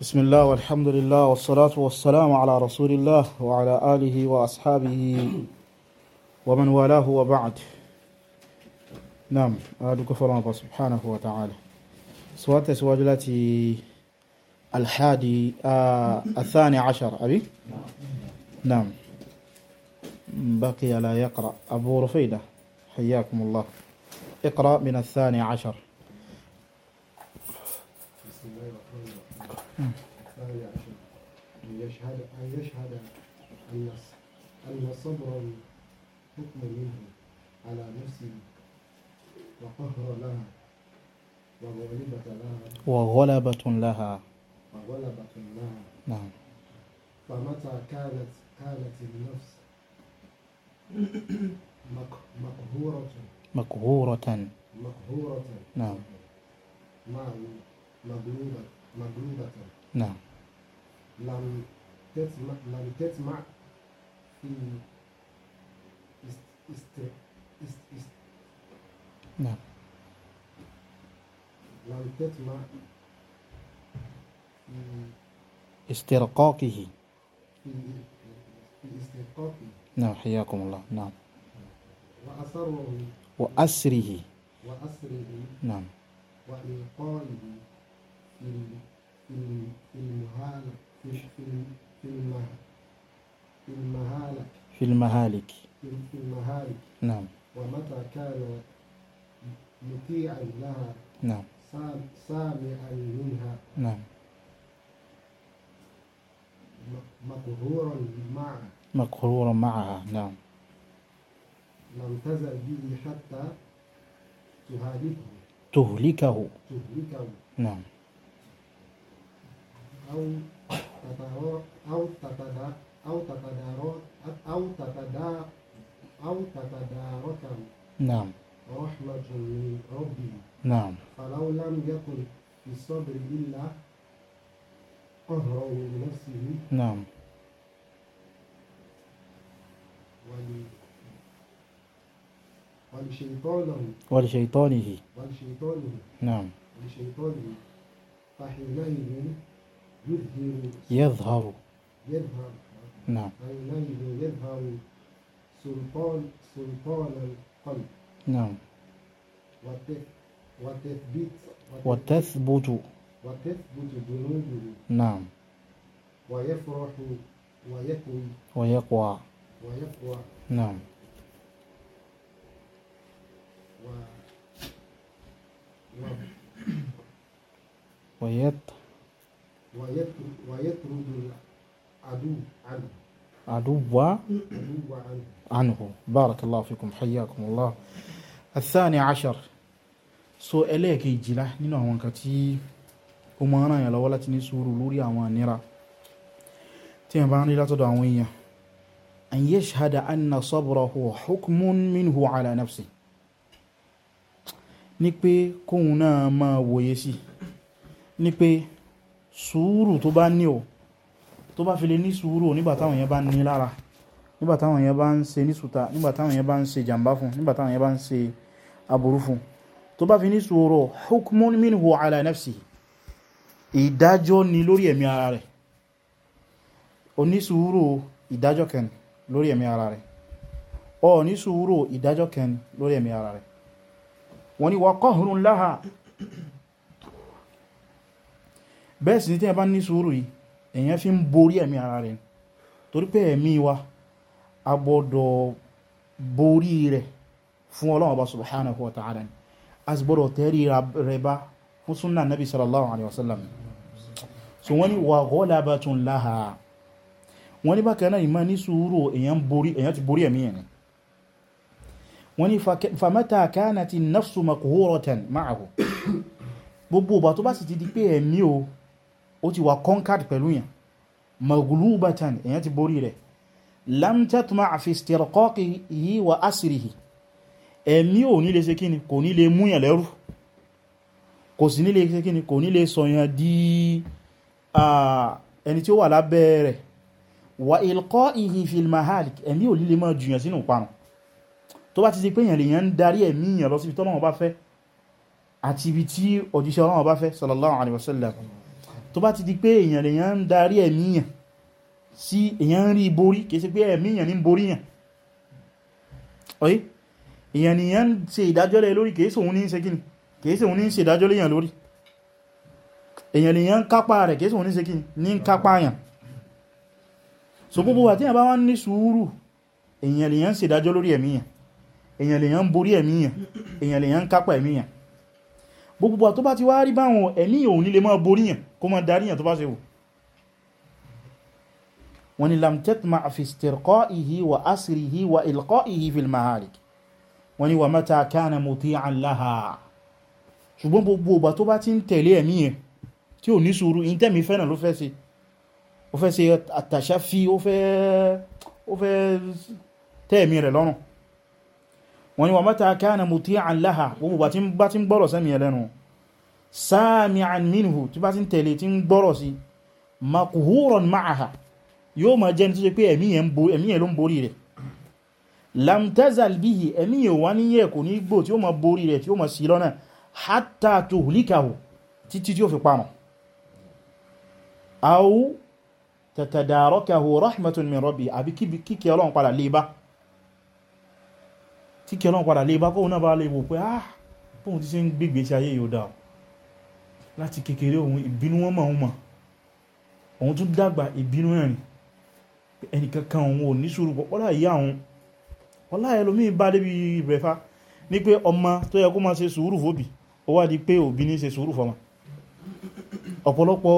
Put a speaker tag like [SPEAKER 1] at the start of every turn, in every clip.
[SPEAKER 1] بسم الله والحمد لله والصلاة والسلام على رسول الله وعلى آله وأصحابه ومن والاه وبعد نعم هذا كفر الله سبحانه وتعالى سوات سواجلات الحادي آه الثاني عشر أبي نعم بقي لا يقرأ أبو رفيدة حياكم الله اقرأ من الثاني عشر
[SPEAKER 2] أن يشهد أن يشهد أن أن صبرا حكم منه على نفسه وقهر لها وغلبة لها
[SPEAKER 1] وغلبة لها
[SPEAKER 2] وغلبة لها نعم فمتى كانت كانت النفس مقهورة
[SPEAKER 1] مقهورة
[SPEAKER 2] مقهورة نعم مع مغلوبة مجلوبة نعم لم تسمع لم تسمع في است است است است نعم لم تسمع في
[SPEAKER 1] استرقاقه
[SPEAKER 2] في, استرقاقه
[SPEAKER 1] نعم حياكم الله نعم وأسره وأسره
[SPEAKER 2] وأسره نعم وإيقاعه في المهالك في المهالك
[SPEAKER 1] في المهالك
[SPEAKER 2] في المهالك نعم ومتى كان مطيعا لها نعم سامعا منها نعم مقهورا معها
[SPEAKER 1] مقهورا معها نعم
[SPEAKER 2] لم تزل به حتى تهالكه
[SPEAKER 1] تهلكه تهلكه نعم
[SPEAKER 2] أو أو تتدا أو تتدارك أو تتدا أو تتداركه نعم رحمة من ربي نعم فلو لم يكن في الصبر إلا قهرا لنفسه نعم ولشيطانه ولشيطانه ولشيطانه نعم ولشيطانه فحينئذ يظهر يظهر نعم حينئذ يظهر سلطان سلطان القلب نعم وتثبت
[SPEAKER 1] وتثبت
[SPEAKER 2] وتثبت جنوده نعم ويفرح ويقوى
[SPEAKER 1] ويقوى ويقوى نعم
[SPEAKER 2] و... و... ويط ويطرد العدو عنه
[SPEAKER 1] عدو عنه بارك الله فيكم حياكم الله الثاني عشر so ẹlẹ́ẹ̀kejìlá nínú àwọn nǹkan tí ó máa ń ràn yàn lọ́wọ́ láti ní sùúrù lórí àwọn àníra tí yàn bá ń rí látọ̀dọ̀ àwọn èèyàn an yashhada anna sabrahu hukmun minhu ala nafsi ní pé kóhun náà máa wòye sí ní pé sùúrù tó bá ní o tó bá fi lè ní sùúrù nígbàtàwọn yẹn bá ní lára nígbàtàwọn yẹn bá ń ṣe ní sùta nígbàtàwọn yẹn bá ń ṣe jàmbá fún nígbàtàwọn yẹn bá ń ṣe aburú fún tó bá fi ní sùúrù hukmun minhu ala nafsi ìdájọ́ ni lórí ẹ̀mí ara rẹ̀ bẹ́ẹ̀ sì ni tí ẹ bá ní sùúrù yìí èyàn fi ń borí ẹ̀mí ara rẹ̀ torí pé ẹ̀mí wa a gbọ́dọ̀ borí rẹ̀ fún Ọlọ́run Ọba subhanahu wa ta'ala ni a sì gbọ́dọ̀ tẹ́rí rẹ̀ bá fún súnà nabi sallallahu alaihi wasallam so wọ́n ni wà ghalabatun laha wọ́n ni bákan náà ìmá ní gbogbo ọba tó bá sì ti di pé ẹ̀mí o ó ti wà conquered pẹ̀lú yẹn magulubatan èyàn ti borí rẹ̀ lam tatma' fi istirqaqihi wa asrihi ẹ̀mí ò ní lè ṣe kíni kò ní lè múyàn lẹ́rú kò sí ní lè ṣe kíni kò ní lè sọyàn di ẹni tí ó wà lábẹ́ rẹ̀ wa ilqa'ihi fil mahalik ẹ̀mí ò líle máa jùyàn sínú parun tó bá ti di pé èyàn lèyàn ń darí ẹ̀mí èyàn lọ síbi tọ́lọ́wọ́n bá fẹ́ àti ibi tí òjíṣẹ́ Ọlọ́run bá fẹ́ sallallahu alaihi tó bá ti di pé èyàn lèyàn ń darí ẹ̀míyàn sí èyàn ń rí borí kìí ṣe pé ẹ̀míyàn ní boríyàn ọ̀yí èyàn nìyàn ń ṣe ìdájọ́ lé lórí kìí sòun ní ṣe kíni kìí sòun ní ṣe ìdájọ́ léyàn lórí ni nìyàn ń kápá rẹ̀ kìí sòun ní ṣe kíni ní ń kápá yàn so gbogbo wà tí a bá wá ní sùúrù èyàn lèyàn ń ṣe ìdájọ́ lórí ẹ̀míyàn èyàn lèyàn ń borí ẹ̀míyàn èyàn lèyàn ń kápá ẹ̀míyàn gbogbo wà tó bá ti wá rí báwọn ẹ̀mí òun ní lè máa boríyàn kó ma daríyàn tó bá ṣe wù wọ́n ni lam tatma' fi istirqa'ihi wa asrihi wa ilqa'ihi fil mahalik wọ́n ni wa mata kana muti'an laha ṣùgbọ́n gbogbo ọba tó bá ti ń tẹ̀lé ẹ̀mí ẹ̀ tí ò ní sùúrù in tẹ́mi fẹ́ràn ló fẹ́ ṣe ó fẹ́ ṣe àtàṣáfí ó fẹ́ tẹ́ẹ̀mí rẹ̀ lọ́rùn wọ́n ni wa mata kana muti'an laha gbogbo ọba tí ń gbọ́rọ̀ sẹ́mi ẹ̀ lẹ́nu sami'an minhu tí bá ti ń tẹ̀lé tí ń gbọ́rọ̀ sí makuhuron ma'aha yóò ma jẹ́ ní tó ṣe pé ẹ̀mí yẹn ló ń borí rẹ̀ lam tazal bihi ẹ̀mí yẹn wá níyẹ̀ kò ní gbò tí ó ma borí rẹ̀ tí ó ma sí lọ́nà hatta tuhlikahu títí tí ó fi parun aw tatadarakahu rahmatun min rabbi àbí kíkẹ́ ọlọ́run padà lè e bá kíkẹ́ ọlọ́run padà lè e bá kóhun náà bá lè wò pé ah bóhun ti ṣe ń gbígbèsí ayé yóò dáa láti kékeré òun ìbínú wọn mọ̀ òun mọ̀ òun tún dàgbà ìbínú ẹ̀rìn ẹnìkan kan òun ò ní sùúrù pọ̀ pọ́lá ìyá òun ọlá ẹlòmíì bá débi ìbẹ̀fà ní pé ọmọ tó yẹ kó máa ṣe sùúrù fòbí ó wá di pé òbí ní ṣe sùúrù fọmọ ọ̀pọ̀lọpọ̀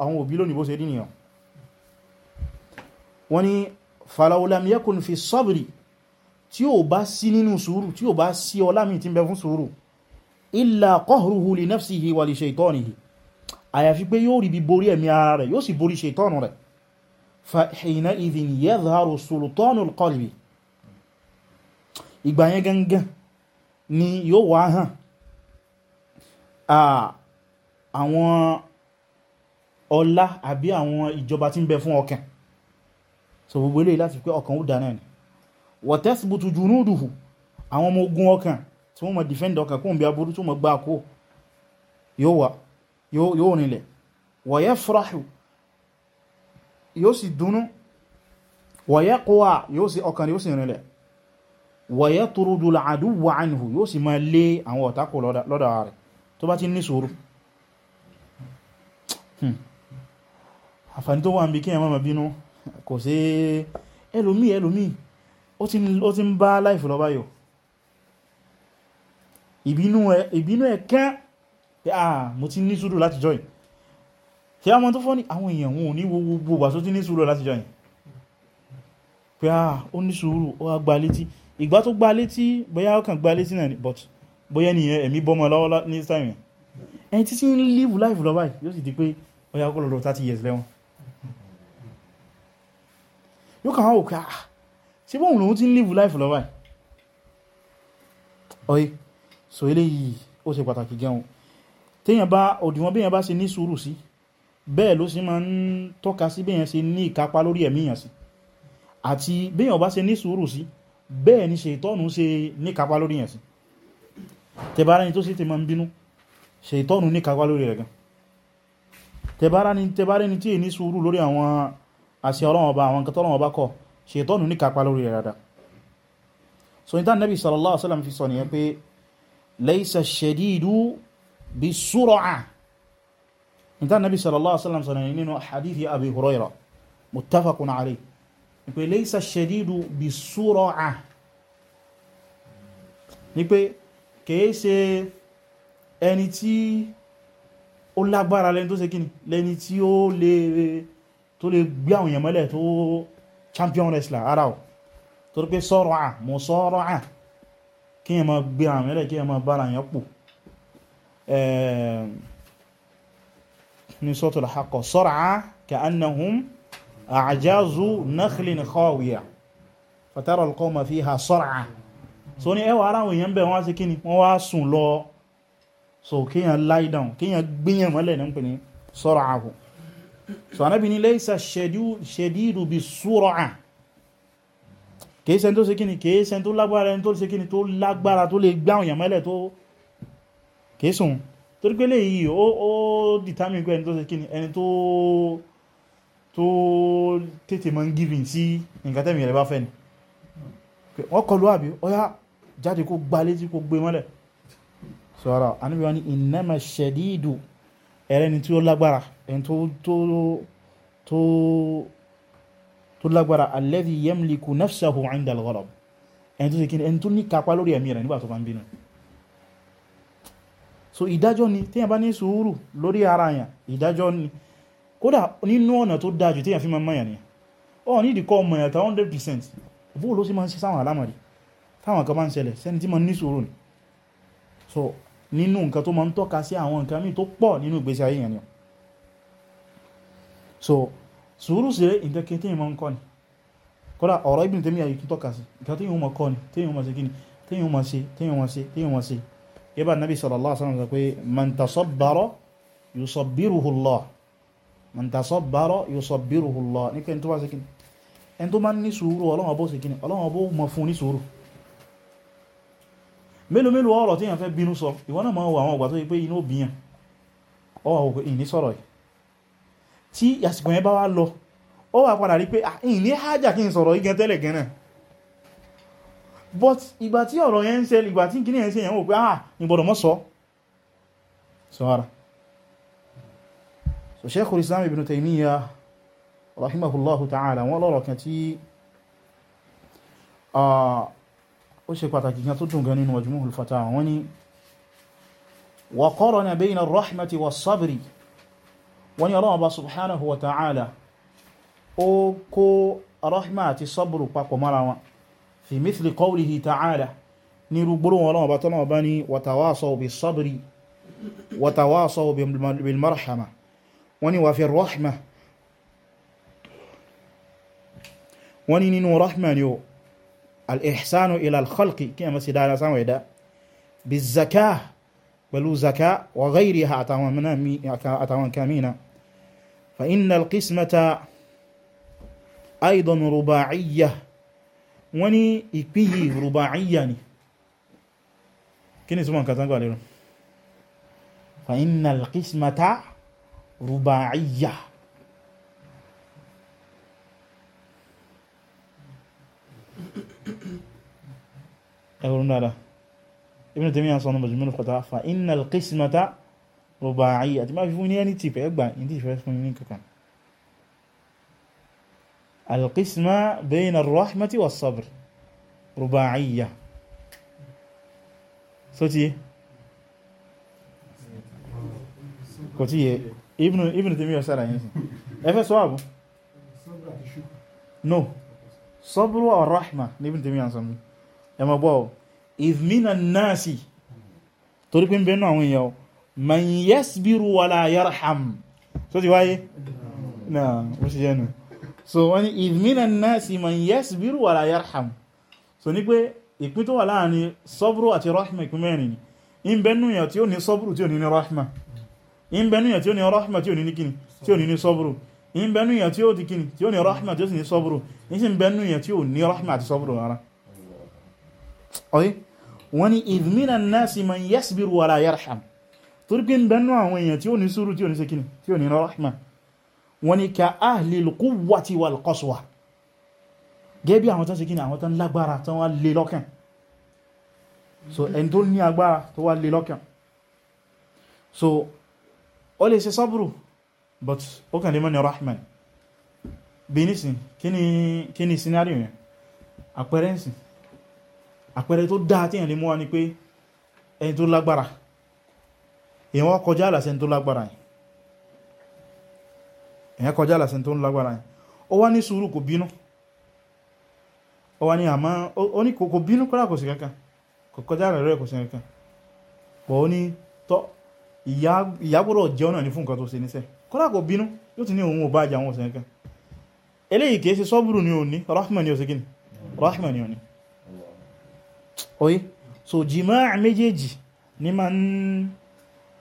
[SPEAKER 1] àwọn òbí lónìí bó ṣe rí nìyàn wọ́n ní falawulam fi sabri tí ó bá sí nínú sùúrù tí ó bá sí ọlámì tí ń bẹ fún sùúrù illa qahruhu li nafsihi wa li shaytanihi àyàfi pé yóò rí bí borí ẹ̀mí ara rẹ̀ yóò sì borí ṣaitọ́nù rẹ̀ fa hina idhin yadhharu sultanul qalbi ìgbà yẹn gangan ni yóò wá hàn àwọn ọlá àbí àwọn ìjọba tí ń bẹ fún ọkàn so gbogbo eléyìí láti pé ọkàn ó dá náà ni wa tathbutu junuduhu àwọn ọmọ ogun ọkàn tí wọ́n mọ̀ defend ọkàn kóhùn bí aburú tí wọ́n mọ̀ gbá kó yóò wà yóò rinlẹ̀ wa yafrahu yóò sì dúnú wa yaqwa yóò sì ọkàn yóò sì rinlẹ̀ wa yatrudu al-aduwwa anhu yóò sì máa lé àwọn ẹlòmí hmm. ẹlòmí ó ti ń bá láìfù lọ báyìí ìbínú ẹ̀ kán pé ah mo ti ní sùúrù láti jọ yìí ṣe a mọ́ tó fọ́ ní àwọn èèyàn wọn ò ní wo gbogbo ìgbà tó ti ní sùúrù láti jọ yìí pé ah ó ní sùúrù ó wá gba létí ìgbà tó gba létí bóyá ó kàn gba létí náà but bóyá nìyẹn ẹ̀mí bọ́mọ lọ́wọ́ ní time ẹni tí tí ń live life lọ báyìí yóò sì di pé ó yá kó lọ́dọ̀ 30 years lẹ́wọ̀n yóò kàn wá wò ká ah, ṣe bóun lòun ti ń live life lọ báyìí so eléyìí ó ṣe pàtàkì gan-an téèyàn bá òdìwọ̀n béèyàn bá ṣe ní sùúrù sí bẹ́ẹ̀ ló sì máa ń tọ́ka sí béèyàn ṣe ní ìkápá lórí ẹ̀mí èèyàn sí àti béèyàn bá ṣe ní sùúrù sí bẹ́ẹ̀ ni ṣètọ́nù ṣe ní ìkápá lórí èèyàn sí tẹbára ni tó sì ti máa ń bínú ṣètọ́nù ní ìkápá lórí rẹ̀ gan tẹbára ni tẹbára ni tí èyí sùúrù lórí àwọn àṣẹ ọlọ́wọ́n ọba àwọn kẹtọ́ ọlọ́wọ́n ọba kọ ṣètọ́nù ní ìkápá lórí rẹ̀ dáadáa so ní tán Nabi sallallahu alaihi wasallam fi sọ nìyẹn pé laysa shadidu bi sur'a nta nabi sallallahu alaihi wasallam sanayi nínú hadithi abi huraira muttafaqun alayhi ní pé laysa shadidu bi sur'a ní pé kìí ṣe ẹni tí ó lágbára lẹ́ni tó ṣe kíni lẹ́ni tí ó lè tó lè gbé àwọn èèyàn mọ́lẹ̀ tó champion wrestler ara ọ̀ torí pé musara'a kí ẹ máa gbé àwọn ẹlẹ́ kí ẹ máa bára yẹn pò ní suratul Haqqa sar'a ka'annahum a'jazu nakhlin khawiyah fatara al-qawma fiha sar'a so ní ẹwà ara èèyàn bẹ̀ wọ́n sí kíni wọ́n wá sùn lọ so kíyàn lie down kíyàn gbíyàn mọ́lẹ̀ ní pè ní sar'ahu so anábi ní laysa shadidu bi sur'a kèése tó ṣe kíni kèése tó lágbára ẹni tó ṣe kíni tó lágbára tó lè gbá òyàn mẹ́lẹ̀ tó kèésùn torí pé lè yìí ó determine pé ẹni tó ṣe ẹni tó tó tètè mọ́ ń giving sí nǹkan tẹ́mì rẹ̀ bá fẹ́ ni wọ́n kọlu àbí ọya jáde kó gbá létí kó gbé mọ́lẹ̀ sọ́ra Ànábì wa ní tó lágbára alladhi yamliku nafsahu 'inda al-ghadab ẹni tó ṣe kíni ẹni tó ní kápá lórí ẹ̀mí rẹ̀ nígbà bá ń bínú so ìdájọ́ ni téèyàn bá ní sùúrù lórí ara yàn ìdájọ́ ni kódà nínú ọ̀nà tó dájú téèyàn fi máa mọ̀yàn ni ọ̀ ní ìdíkọ́ ọmọ yàn tá 100% bó ló sì máa ń ṣe sáwọn alámọ̀rí so nínú nǹkan tó máa ń tọ́ka sí àwọn nǹkan míì tó so sùúrù sí rẹ̀ ìdẹ́kẹ́ tí ìmọ̀ ń kọ́ ni kọ́lá ọ̀rọ̀ Ibn Taymiyyah yìí tọ́ka sí ìkà tí ìhun mọ̀ kọ́ ni tí ìhun mọ̀ sí kíni tí ìhun mọ̀ sí tí ìhun mọ̀ sí tí ìhun mọ̀ sí yẹba nabi sallallahu alaihi wasallam pé man tasabbara yusabbiruhu Allah man tasabbara yusabbiruhu Allah ní pé ẹni tó bá sí kíni ẹni tó bá ní sùúrù Ọlọ́run bó sí kíni Ọlọ́run bó mọ̀ fún ní sùúrù mélòó mélòó ọ̀rọ̀ tí èèyàn fẹ́ bínú sọ ìwọ náà mọ̀ wọ àwọn ọgbà tó yẹ pé inú òbíyàn ọwọ́ òkú ìní sọ̀rọ̀ yìí tí àsìkò yẹn bá wá lọ ó wà padà rí pé ah, ìní hájà kí n sọ̀rọ̀ igan tẹ́lẹ̀ gan but ìgbà tí ọ̀rọ̀ yẹn ń ṣe ìgbà tí kìíní yẹn ń ṣe yẹn wò pé ah ìgbọ̀dọ̀ mọ́ sọ sọ́ra so Sheikhul Islam Ibn Taymiyyah rahimahullahu ta'ala wọ́n lọ́rọ̀ kan tí ó ṣe pàtàkì kan tó dùn gan nínú Majmu'ul Fatawa wọ́n ní ọlọ́ọ̀bá subhanahu wa ta'ala ó kó rahma àti sabru papọ̀ mara wọn fi mithli qawlihi ta'ala ní rúgbúrú wọn ọlọ́ọ̀bá tọ́lọ́ọ̀bá ní wa tawasaw bis sabri wa tawasaw bil marhama wọ́n ní wa fi rahma wọ́n ní nínú rahma ni ó al-ihsanu ila al-khalqi kí a masu dára sáwọn ẹ̀dá bi zaka pẹ̀lú zaka wa ghayriha àtàwọn kamina فإن القسمة أيضا رباعية وني إكبيه رباعية كيف يسمون كتنقوا عليهم فإن القسمة رباعية يقولون لا ابن تيمية صلى الله عليه وسلم فإن القسمة rọ̀bà àyè àti má fi fún ní ẹni tí ìfẹ́ gbà ní tí ìfẹ́ fún ní kankan alqisma bayna ar-rahmati was-sabr ruba'iyya so ti yé kò tí yé Ibn Taymiyyah sára yìí sí ẹfẹ́ sọ àbú no sabru ar-rahma ní Ibn Taymiyyah sọmú ẹmọ gbọ́ ìzmínà náà sí torípín bẹ́ẹ̀ àwọn èèyàn man yasbiru wala yarham so ti wáyé náà ó sì jẹ́nu so wọ́n ni ìdmínà náà sí man yasbiru wala yarham so ní pé ìpín tó wà láàrin sọ́bùrù àti rahma ìpín mẹ́rin ni in bẹnu yà tí ó ní sọ́bùrù tí ó ní ní rahma in bẹnu yà tí ó ní rahma tí ó ní ní kíni tí ó ní ní sọ́bùrù in bẹnu yà tí ó di kíni tí ó ní rahma tí ó ní sọ́bùrù in bẹnu yà tí ó ní rahma àti sọ́bùrù rárá ọ̀yí ni ìdmínà náà sí man yasbiru wala yarham torí pé ń bẹnu àwọn èèyàn tí ó ní sùúrù tí ó ní ṣe kíni tí ó ní rahma wọ́n ni ka ahlil quwwati wal qaswa gẹ́bí àwọn tán ṣe kíni àwọn tán lágbára tán wá lè lọ́kàn so ẹni tó ní agbára tó wá lè lọ́kàn so ó lè ṣe sabru but ó kàn lè mọ́ ni rahman bí nísìn kí ni scenario yẹn àpẹẹrẹ ń sìn àpẹẹrẹ tó dáa tí èèyàn lè mú wa ni pé ẹni tó lágbára èyàn kọjá àlàsẹ̀ tó lágbára yìí èyàn kọjá àlàsẹ̀ tó lágbára yìí ó wá ní sùúrù kò bínú ó wá ní àmá ó ní kò bínú kọ́lá kò sí kankan kò kọjá rẹ̀ kò sí kankan pọ̀ ó ní tọ́ ìyàgbọ́rọ̀ jẹ́ ọ̀nà ní fún nǹkan tó ṣe níṣẹ́ kọ́lá kò bínú yóò ti ní òun ò bá jà wọn eléyìí kìí sọ́bùrù ní rahman ni òsìnkí ni rahman ni òní oye so méjèèjì n'i ma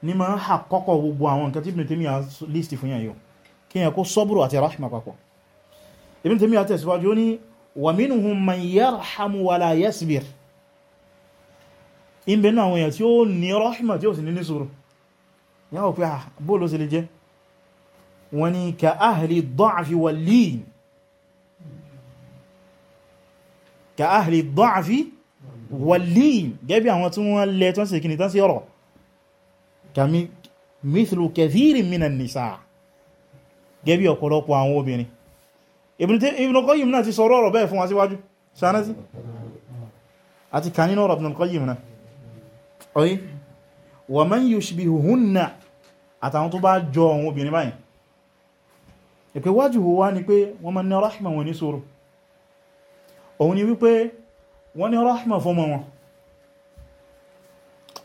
[SPEAKER 1] ní ma ń hà kọ́kọ́ gbogbo àwọn nǹkan tí Ibn Taymiyyah list fún yàn yóò kí yàn kó sọ́bùrù àti rahma papọ̀ Ibn Taymiyyah tẹ̀síwájú ní wa minhum man yarhamu wa la yasbir in bẹ̀rẹ̀ àwọn èèyàn tí ó ní rahma tí ó sì ní ní sùúrù yà wọ́n pé à ah, bóòlù sí lè jẹ́ wọ́n ni ka ahli da'fi wal lin ka ahli da'fi wal lin gẹ́bí àwọn tí wọ́n lẹ́ tán sí kìnnìtán sí ọ̀rọ̀ kàmí mithlu kathiri minan nisa gẹ́bí ọ̀pọ̀lọpọ̀ àwọn obìnrin Ibn Qayyim náà ti sọ̀rọ̀ ọ̀rọ̀ bẹ́ẹ̀ fún wa síwájú sánásí àti kanínú ọ̀rọ̀ Ibn Qayyim náà ọ̀yí wa man yushbihuhunna àtàwọn tó bá jọ àwọn obìnrin báyìí ìpé wájú wá ní pé wọ́n ma ní rahma wọn ní sọ̀rọ̀ òun ni wípé wọ́n ní rahma fọ́mọ wọn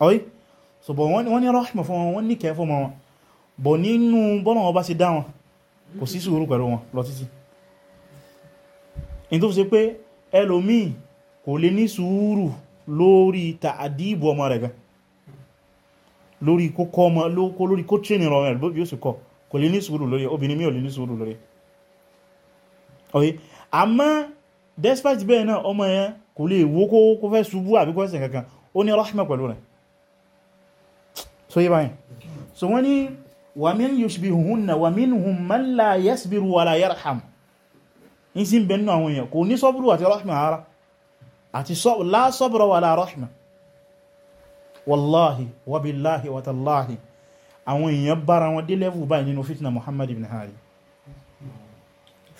[SPEAKER 1] ọ̀yí so bọ̀ wọ́n ní rahma fún wọn wọ́n ní kẹfọ́ ma wọn bọ̀ nínú bọ́nà ọba sí dá wọn kò sí sùúrù pẹ̀lú wọn lọ títí in tó fi ṣe pé ẹlòmíì kò lè ní sùúrù lórí tààdìbò ọmọ rẹ̀ gan lórí kókó ọmọ lókó lórí kó tíẹ̀nì rọ̀ rẹ̀ bí ó sì kọ kò lè ní sùúrù lórí obìnrin mi ò lè ní sùúrù lórí ọ̀yẹ́ àmọ́ despite bẹ́ẹ̀ náà ọmọ yẹn kò lè wó kó fẹ́ ṣubú àbíkọ́ ẹ̀sìn kankan ó ní rahma pẹ̀lú rẹ̀ so yí báyìí so wọ́n ni wa min yushbihuhunna wa minhum man la yasbiru wa la yarham in sin benu àwọn èèyàn kò ní sọ́bùrù àti rahma ara àti la sọ́bùrù wa la rahma wallahi wa billahi wa tallahi àwọn èèyàn bára wọn dé lẹ́fù báyìí nínú fitna muhammad ibn hari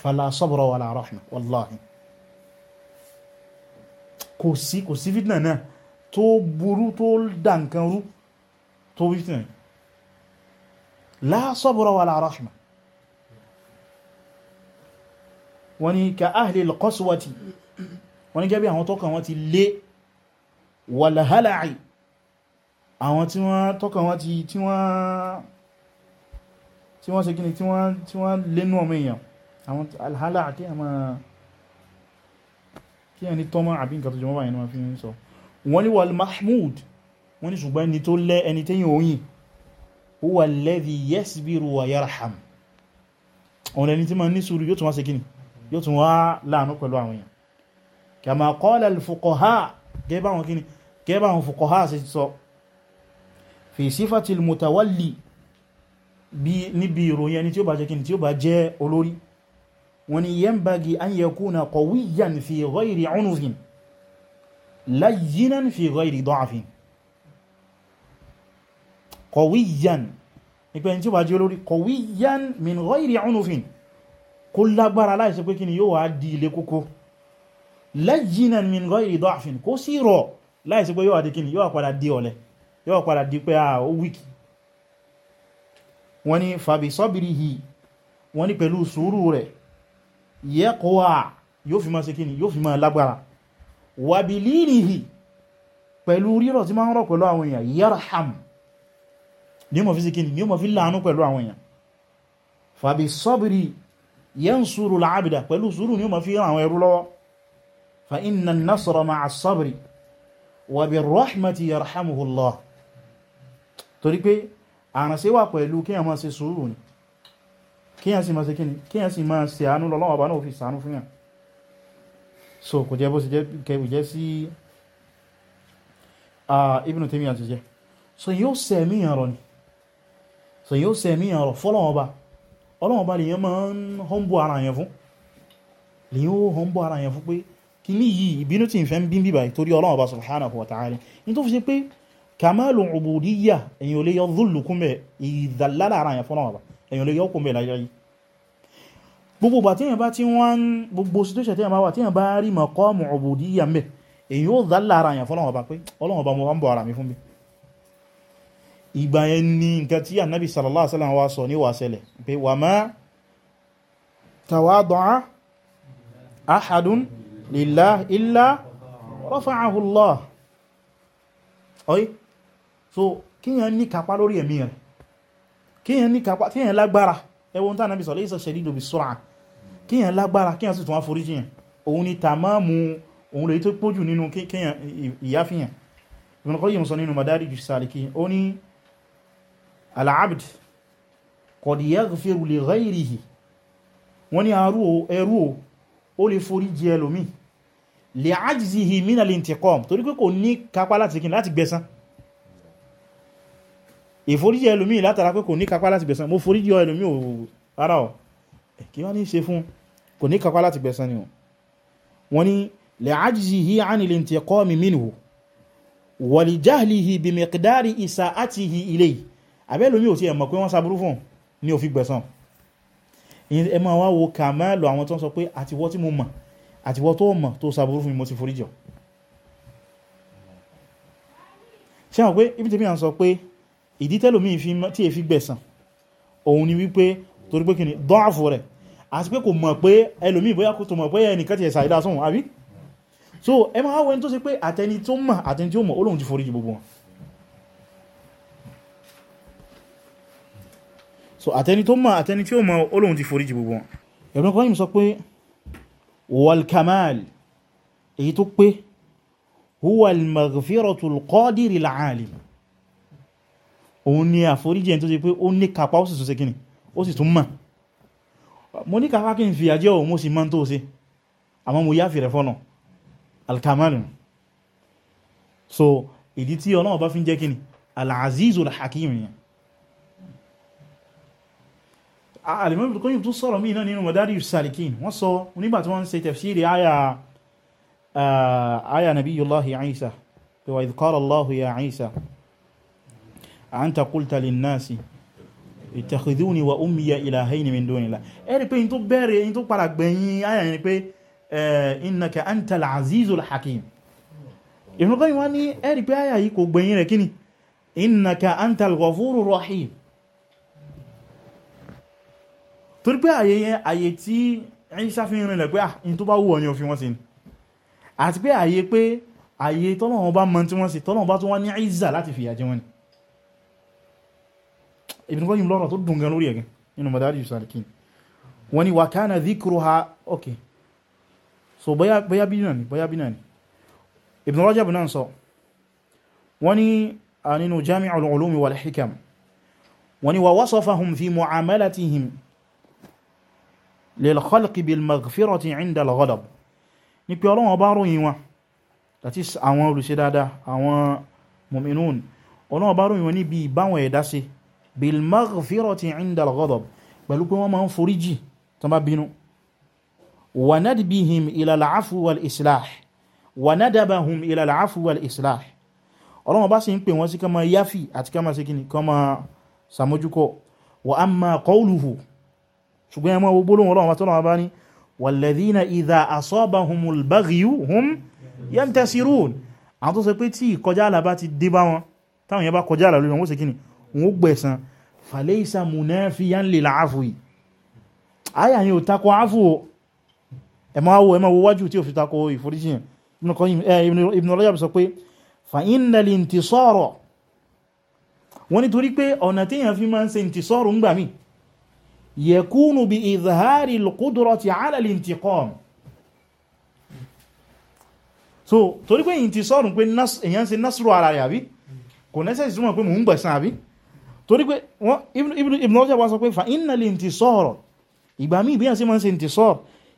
[SPEAKER 1] fala sọ́bùrù wa la rahma wallahi kò sí kò sí fitna náà tó burú tó dá nǹkan rú tó wí fún ẹ̀ la sabra wala rahma wọ́n ni ka ahli al-qaswati wọ́n ni gẹ́bí àwọn tọ́kàn wọ́n ti lé wàlàhálàí àwọn tí wọ́n tọ́kàn wọ́n ti tí wọ́n ṣe gíní tí wọ́n lénú ọmọ èèyàn àwọn alhálàí kí a máa tọ́mọ́ àbí wọ́n ní ṣùgbọ́n ẹni tó lẹ́ ẹni tẹ́yìn oyin huwa alladhi yasbiru wa yarham ọ̀nà ẹni tí ma ní sùúrù yóò tún wá ṣe kíni yóò tún wá láàánú pẹ̀lú àwọn èèyàn kama qala al-fuqaha gẹ́bà wọn fi sifatil mutawalli níbi qawiyan nípa ẹni tí ó bá jẹ́ olórí qawiyan min ghayri unufin kó lágbára láìsí pé kí ni yóò wá di ilé kókó layyinan min ghayri da'fin kó sí rọ̀ láìsí pé yóò wá di kí ni yóò padà di ọ̀lẹ yóò padà di pé ó wíkì wọ́n ni fa bi sabrihi wọ́n ni pẹ̀lú sùúrù rẹ̀ yaqwa yóò fi máa ni ó mọ̀ fi sí kíni ni ó mọ̀ fi láàánú pẹ̀lú àwọn èèyàn fàbí sọ́bìrì yansuru al-abda pẹ̀lú sùúrù ni ó mọ̀ fi ràn àwọn ẹrú lọ́wọ́ fa inna nasra ma'a as-sabri wa bi rahmati yarhamuhu Allah torí pé àrànṣẹ́ wà pẹ̀lú kíyàn máa ṣe sùúrù ni kíyàn sì máa ṣe kíni kíyàn sì máa ṣe ah, ni so yíó sẹ̀mí ọ̀rọ̀ fọ́lọ̀wọ́ba ọlọ́wọ́ba lèyàn máa ń họ́nbọ̀ ara yẹn fún lèyàn ó họ́nbọ̀ ara yẹn fún pé kí ní yìí ìbínú tí ń fẹ́ ń bí bíbà ìtorí ọlọ́wọ́ba subhanahu wa ta'ala ní tó fi ṣe pé kamalu ubudiyya èyàn ò lè yọ dhullu kúnbẹ̀ ìdàlára ara yẹn fọ́lọ̀wọ́ba èyàn ò lè yọ kúnbẹ̀ láyé gbogbo bá tí èyàn bá tí wọ́n gbogbo situation tí èyàn bá wà tí èyàn bá rí maqamu ubudiyya mbẹ̀ èyàn ó dàlára ara yẹn fọ́lọ̀wọ́ba pé ọlọ́wọ́ba mo wá ń bọ̀ ara mi fún mi ìgbà yẹn ni nǹkan tí ànábì sallallahu alaihi wasallam wa sọ ní wàṣẹlẹ̀ pé wà máa tàwádọ́á ahadun lillah illa rafa'ahu Allah ọ̀yí so kíyàn ní kápá lórí ẹ̀mí rẹ̀ kíyàn ní kápá kíyàn lágbára ẹwọ́n tánà bí sọ̀lẹ́ ìsọ̀ṣẹ́ lílò bí sọ́rà kíyàn lágbára kíyàn sì tún wá forí jiyàn òun ni tàmáàmù òun lè tó pójù nínú kíyàn ìyáfihàn al-abd qad yaghfiru li ghayrihi wọ́n ní arú ẹrú o lè forí jì ẹlòmí li ajzihi min al-intiqam torí pé kò ní kápá láti kí láti gbẹ̀san ìforíjì ẹlòmí látara pé kò ní kápá láti gbẹ̀san mo foríjì ọ ẹlòmí ò ara ọ̀ kí abẹ́lómi ò tí ẹ mọ̀ pé wọ́n sàbúrú fún ní òfin gbẹ̀sán ẹ máa wá wo kà máa lọ àwọn tó ń sọ pé àtiwọ́ tí mo mọ̀ àtiwọ́ tó mọ̀ tó sàbúrú fún mi mo ti forí jọ ṣe hàn pé ibi tèmi à ń sọ pé ìdí tẹ́lómi tí èfi gbẹ̀sán òun ni wípé torí pé kìnnì dọ́àfù rẹ̀ àti pé kò mọ̀ pé ẹlòmí ìbóyá kò tó mọ̀ pé ẹnìkan ti ẹ̀sà ìdásùn àbí so ẹ máa wẹ́n tó ṣe pé àtẹni tó mọ̀ àtẹni tí ó mọ̀ ó lóun ti forí gbogbo wọn so àtẹni tó mọ̀ àtẹni tí ó mọ̀ Ọlọ́hun ti foríjì gbogbo wọn Ibn Qayyim sọ pé walkamal èyí tó pé huwa al-maghfiratu al-qadiri al-alim òun ni àforíjì ẹni tó ṣe pé ó ní kapa ó sì tún ṣe ó sì tún mọ̀ mo ní kapa kí n fi àjẹ́ òun mo sì mọ́ tó ṣe àmọ́ mo yáfi rẹ̀ fọ́nà al so ìdí tí Ọlọ́hun bá fi ń jẹ́ kíni al-azizul hakim yẹn Al-Imam Ibn Qayyim tún sọ̀rọ̀ míì náà nínú Madarij Salikin wọ́n sọ nígbà tí wọ́n ń ṣe tafsiri àyà àyà euh, Nabiyullahi Isa pé wa idh qala Allahu ya Isa anta qulta linnasi ittakhidhuni wa ummiya ilahayni min dunillah ẹ̀rì eh, pé in tó bẹ̀rẹ̀ in tó padà gbẹ̀yìn àyà ni pé eh, innaka antal azizul hakim Ibn Qayyim wọ́n ní ẹ̀rì pé àyà yìí kò gbẹ̀yìn rẹ̀ kíni innaka antal ghafurur rahim torí pé àyè yẹn àyè tí Ìsá fi rìnlẹ̀ pé àyè ah, tó bá wù ọ́ ni òfin wọ́n sí ni àti pé àyè pé àyè tọ́lọ̀wọ́n bá mọ̀ tí wọ́n sí tọ́lọ̀wọ́n bá tún wá ní Ìsá láti fìyà jẹ wọ́n ni Ibn Qayyim lọ́rọ̀ tó dùn gan lórí ẹ̀gẹ́ nínú Madarij Salikin wọ́n ni wa kana dhikruha ok so bóyá bí náà bóyá bí náà ni Ibn Rajab náà sọ wọ́n ni nínú Jami'ul Ulumi wal Hikam wọ́n ni wa wasafahum fi mu'amalatihim lilkhalqi bilmaghfirati inda al-ghadab ní pé Ọlọ́run bá ròyìn wọn that is àwọn olùṣe dáadáa àwọn mu'minun Ọlọ́run bá ròyìn wọn níbi ìbáwọn ẹ̀dá ṣe bilmaghfirati inda al-ghadab pẹ̀lú pé wọ́n máa ń foríjì tó bá bínú wa nadbihim ila al-'afwi wal-islah wọ́n sí kama yafi ṣùgbọ́n ẹmọ́ gbólóhùn ọlọ́run tọ́lọ́run bá ní walladhina idha asabahumul baghyu hum yantasirun àwọn tó ṣe pé tí ìkọjá àlà bá ti dé bá wọn táwọn yẹn bá kọjá àlà lórí wọn ó ṣe kíni wọ́n nítorí eh, pé يكون بإظهار القدرة على الانتقام so torí pé intisọ́rù pé èyàn ṣe násìrò ara rẹ̀ àbí kò nẹ́sẹ̀ ìsúnmọ̀ pé mò ń gbẹ̀sán àbí torí pé wọ́n Ibn Rajab wá sọ pé fa inna al-intisara ìgbà mí ìbíyàn sí mọ́ sí intisar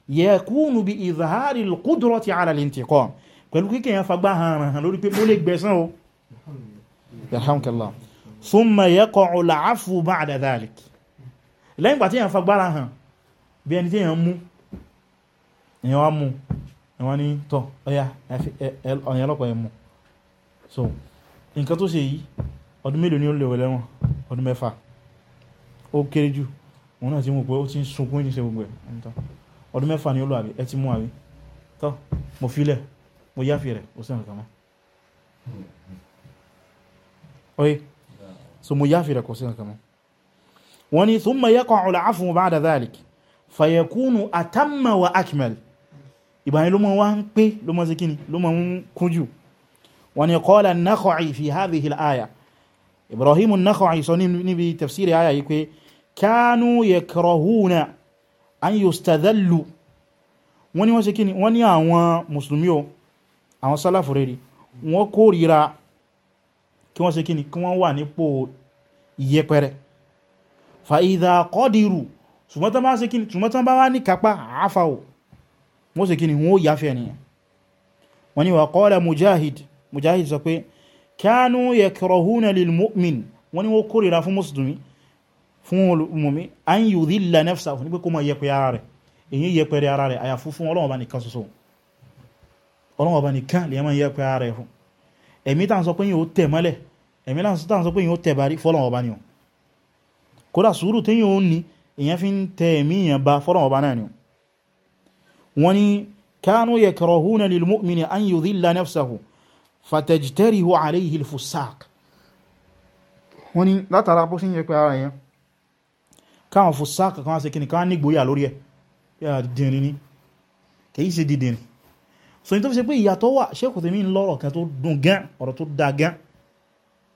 [SPEAKER 1] yakunu bi izhari al-qudrati ala al-intiqam pẹ̀lú kíkẹ́ yẹn fagbá lẹ́yìn pàtí èyàn fagbára hàn bí ẹni tí èyàn mú èyàn wá mú ẹ̀wọ́n ní tọ́ ọya ọ̀yàn ọlọ́pàá ẹ̀mú so nǹkan tó ṣe yìí ọdún mélòó ni ó lè wẹ̀lẹ́wọ̀n ọdún mẹ́fà ó kéré jù òun náà ti mú pé ó ti ń sunkún ní gbogbo ẹ̀ ọdún mẹ́fà ni ó lò àbí ẹ ti mú àbí tọ́ mo filẹ̀ mo yáfi rẹ̀ ó sì ń kàn mọ́ so mo yáfi rẹ̀ kò sí nǹkan mọ́ wọ́n ni thumma yaqa'u al-'afwu ba'da dhalik fayakunu atamma wa akmal ìbáyé ló mọ́ wá ń pé ló mọ́ sí kíni ló mọ́ ń kúnjù wọ́n ni qala an-Nakha'i fi hadhihi al-aya Ibrahim an-Nakha'i sọ tafsiri aya yìí pé kanu yakrahuna an yustadhallu wọ́n ni wọ́n sí kíni wọ́n ni o àwọn sálàfù rere wọ́n kórìíra kí wọ́n sí kíni kí wọ́n wà nípò ìyẹpẹrẹ fàídà kọ́dìrù ṣùgbọ́n bá wá ní kápá àáfàwò wọ́n sì kí ni wọ́n yáfẹ́ ni wọ́n ni wà qala mujahid mujahid sọ pé kánú yakrahuna lil mu'min wọ́n ni wọ́n kórìíra fún mùsùlùmí fún olùmùmí an yudhilla nafsahu ní pé kó ma yẹpẹ ara rẹ̀ èyí yẹpẹ ara rẹ̀ àyàfú fún Ọlọ́run kódà sùúrù tí yíò ní èyàn fi ń tẹ ẹ̀mí èyàn bá fọ́lọ̀wọ̀ bá náà ni wọ́n ni kánú yakrahuna lil mu'mini an yudhilla nafsahu fatajtarihu alayhi al-fusaq wọ́n ni látara bó sí ń yẹ pé ara yẹn káwọn fusaq kan sí kíni káwọn nígbóyà lórí ẹ̀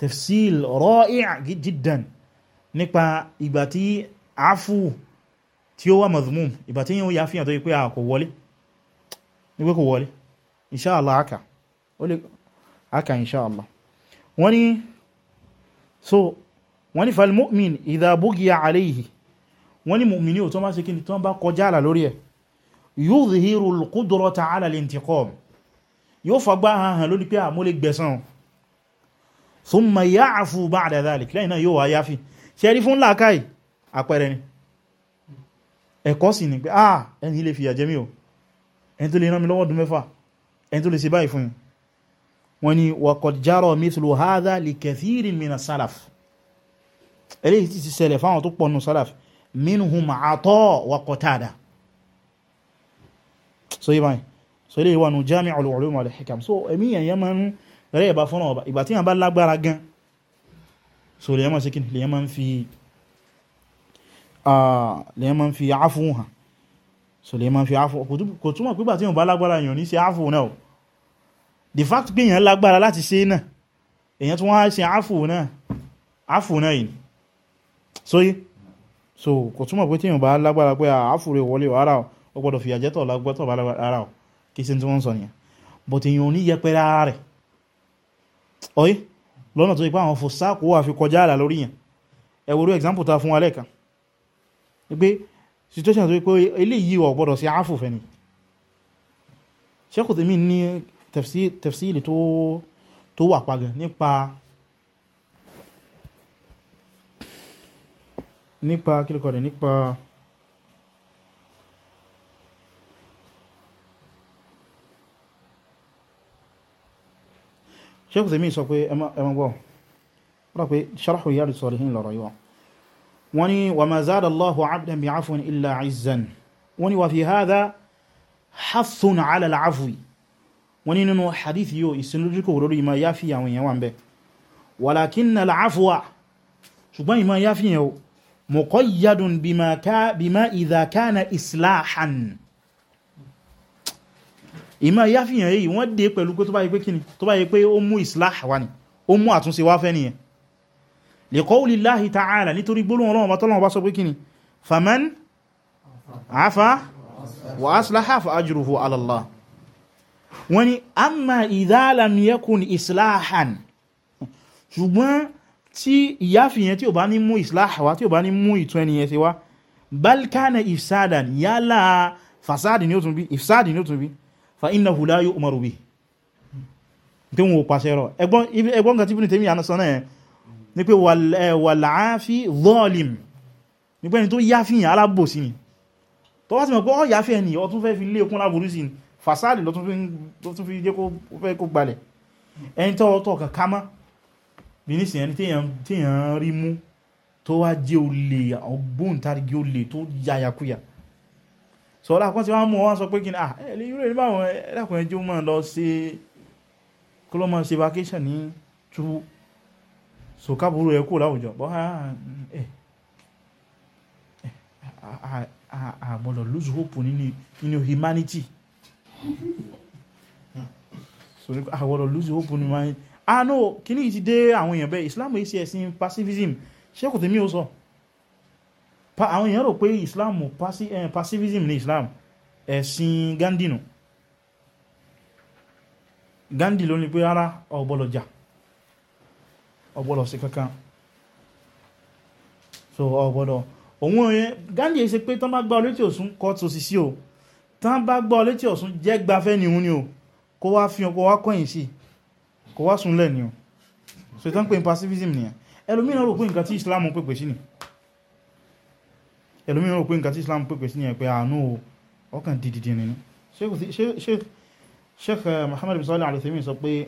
[SPEAKER 1] tafsil ra'i' jiddan nípa ìgbà tí àáfù tí ó wà mazmum ìgbà tí yíò ya fi àtọ́ ipé àkọ̀ wọlé nígbé kò wọlé inṣáàlá aka ó lè aka inṣáàlá wọ́n ni so wọ́n ni falmu'min idha bugiya alayhi wọ́n ni mu'mini ò tó má ṣe kí ni tó bá kọjá àlà lórí ẹ̀ yudhiru al yóò fagbá hàn lórí pé àmúlé gbẹ̀san thumma ṣe rí fún làákàì àpẹẹrẹ ni ẹ̀kọ́ sì ni pé ah ẹni ilé fìyà jẹ mí o ẹni tó lè rán mi lọ́wọ́ ọdún mẹ́fà ẹni tó lè ṣe báyìí fún mi wọ́n ní waqad jara mithlu hadha li kathirin mina salaf eléyìí ti ṣẹlẹ̀ fáwọn tó pọ̀nù so lèyàn ma ṣe kí lèyàn ma ń fi lèyàn ma ń fi áfún hàn so lèyàn ma ń fi áfún kò túnmọ̀ pípà tí yàn bá lágbára yàn ní ṣe áfún náà the fact pé yàn lágbára láti ṣe náà èyàn tún wá ṣe áfún náà áfún náà yìí so yí so kò túnmọ̀ pé tí yàn bá lágbára pé áfún ah, rẹ̀ wọlé ara ọ gbọ́dọ̀ fìyà jẹ́tọ̀ lágbọ́tọ̀ bá ara ọ kí sí tí wọ́n sọ but èyàn ò ní ara rẹ̀ ọyí lọ́nà tó ipá àwọn fòsáàkó wà fi kọjá àlà lórí yẹn ẹwòrú example ta fún alẹ́ka pé situation tó pé eléyìí wọ̀ gbọ́dọ̀ sí áfù fẹ́ni Sheikh Uthaymeen ní tafsili tó wà pagẹ̀ nípa nípa kílùkọ̀ rẹ̀ nípa sheikh zemi sọ pé ẹmọ gbọ́ rọ pé sharhu Riyadus Salihin lọ́rọ̀ yíwa wọ́n ni wa ma zada Allahu abdan bi afwin illa izzan wọ́n ni wa fi hadha hathun ala al-afwi wọ́n ni nínú hadith yóò ìsinlójúkò lórí ma ya fi àwọn èèyàn wà ń bẹ walakin al-afwa ṣùgbọ́n ìmọ̀ ya fi yẹn muqayyadun bima idha islahan ìmọ̀ yáfihàn èyí wọ́n dé pẹ̀lú pé tó bá yẹ pé kíni tó bá yẹ pé ó mú islah wá ní ó mú àtúnṣe wá fẹ́ nìyẹn li qawlillahi ta'ala nítorí gbólóhùn ọlọ́wọ́ tọ́lọ́wọ́ bá sọ pé kíni faman afa wa aslaha fa ajruhu ala Allah wọ́n ni amma idha lam yakun islahan ṣùgbọ́n tí ìyáfihàn tí ò fa innahu la yu'maru bihi tí wọ́n pàṣẹ rọ ẹgbọ́n nǹkan tí bí ní tèmi àná sọ́nà ẹ̀ ní pé wàláàfí zọ́ọ̀lìm ní pé ní tó yáfíyàn alábòsí ni tó wá ti mọ̀ pé ọ yáfí ẹni ọtún fẹ́ fi lé okun láburú sí lọ́tún fi jẹ́ kó gbalẹ̀ so ọlá kan ti wá mú wọn sọ pé kí ni ah, ẹ̀lẹ́ irú ẹ̀lẹ́ báwọn ẹ̀dàkùnrin jó mọ́ lọ sí kó lọ mọ́ sí vacation ní túbú so káàbùrú ẹ̀kú láwùjọ bọ́ ah, eh, eh, ah, àgbọ̀dọ̀ lose hope nínú humanity so àgbọ̀dọ̀ lose hope nínú humanity ah no kí ni ti dé àwọn èèyàn bẹ́ẹ̀ Islam èsì ẹ̀sìn pacifism ṣé kò tèmi ó sọ so àwọn èèyàn rò pé islam eh, pacifism ní islam ẹ̀sìn gandhi nù gandhi ló ní pé ara ọ̀gbọ́lọ̀ jà ọ̀gbọ́lọ̀ sí kankan so ọ̀gbọ́lọ̀ òun òye gandhi ṣe pé tán bá gbá olétí ọ̀sún kọ́ tó sì sí o tán bá gbá olétí ọ̀sún jẹ́ gbafẹ́ ni òun ni o kó wá fi ọkọ̀ wá kọ́yìn sí kó wá súnlẹ̀ ni o so tán pè ní pacifism nìyẹn ẹlòmíràn rò pé nǹkan tí islam pèpè sí ni ẹlòmí rò pé nǹkan tí islam pèpè sí ni ẹ̀ pé àánú ah, ọkàn dìdìdì ni sheikh eh, muhammad bin salih al-uthaymin sọ pé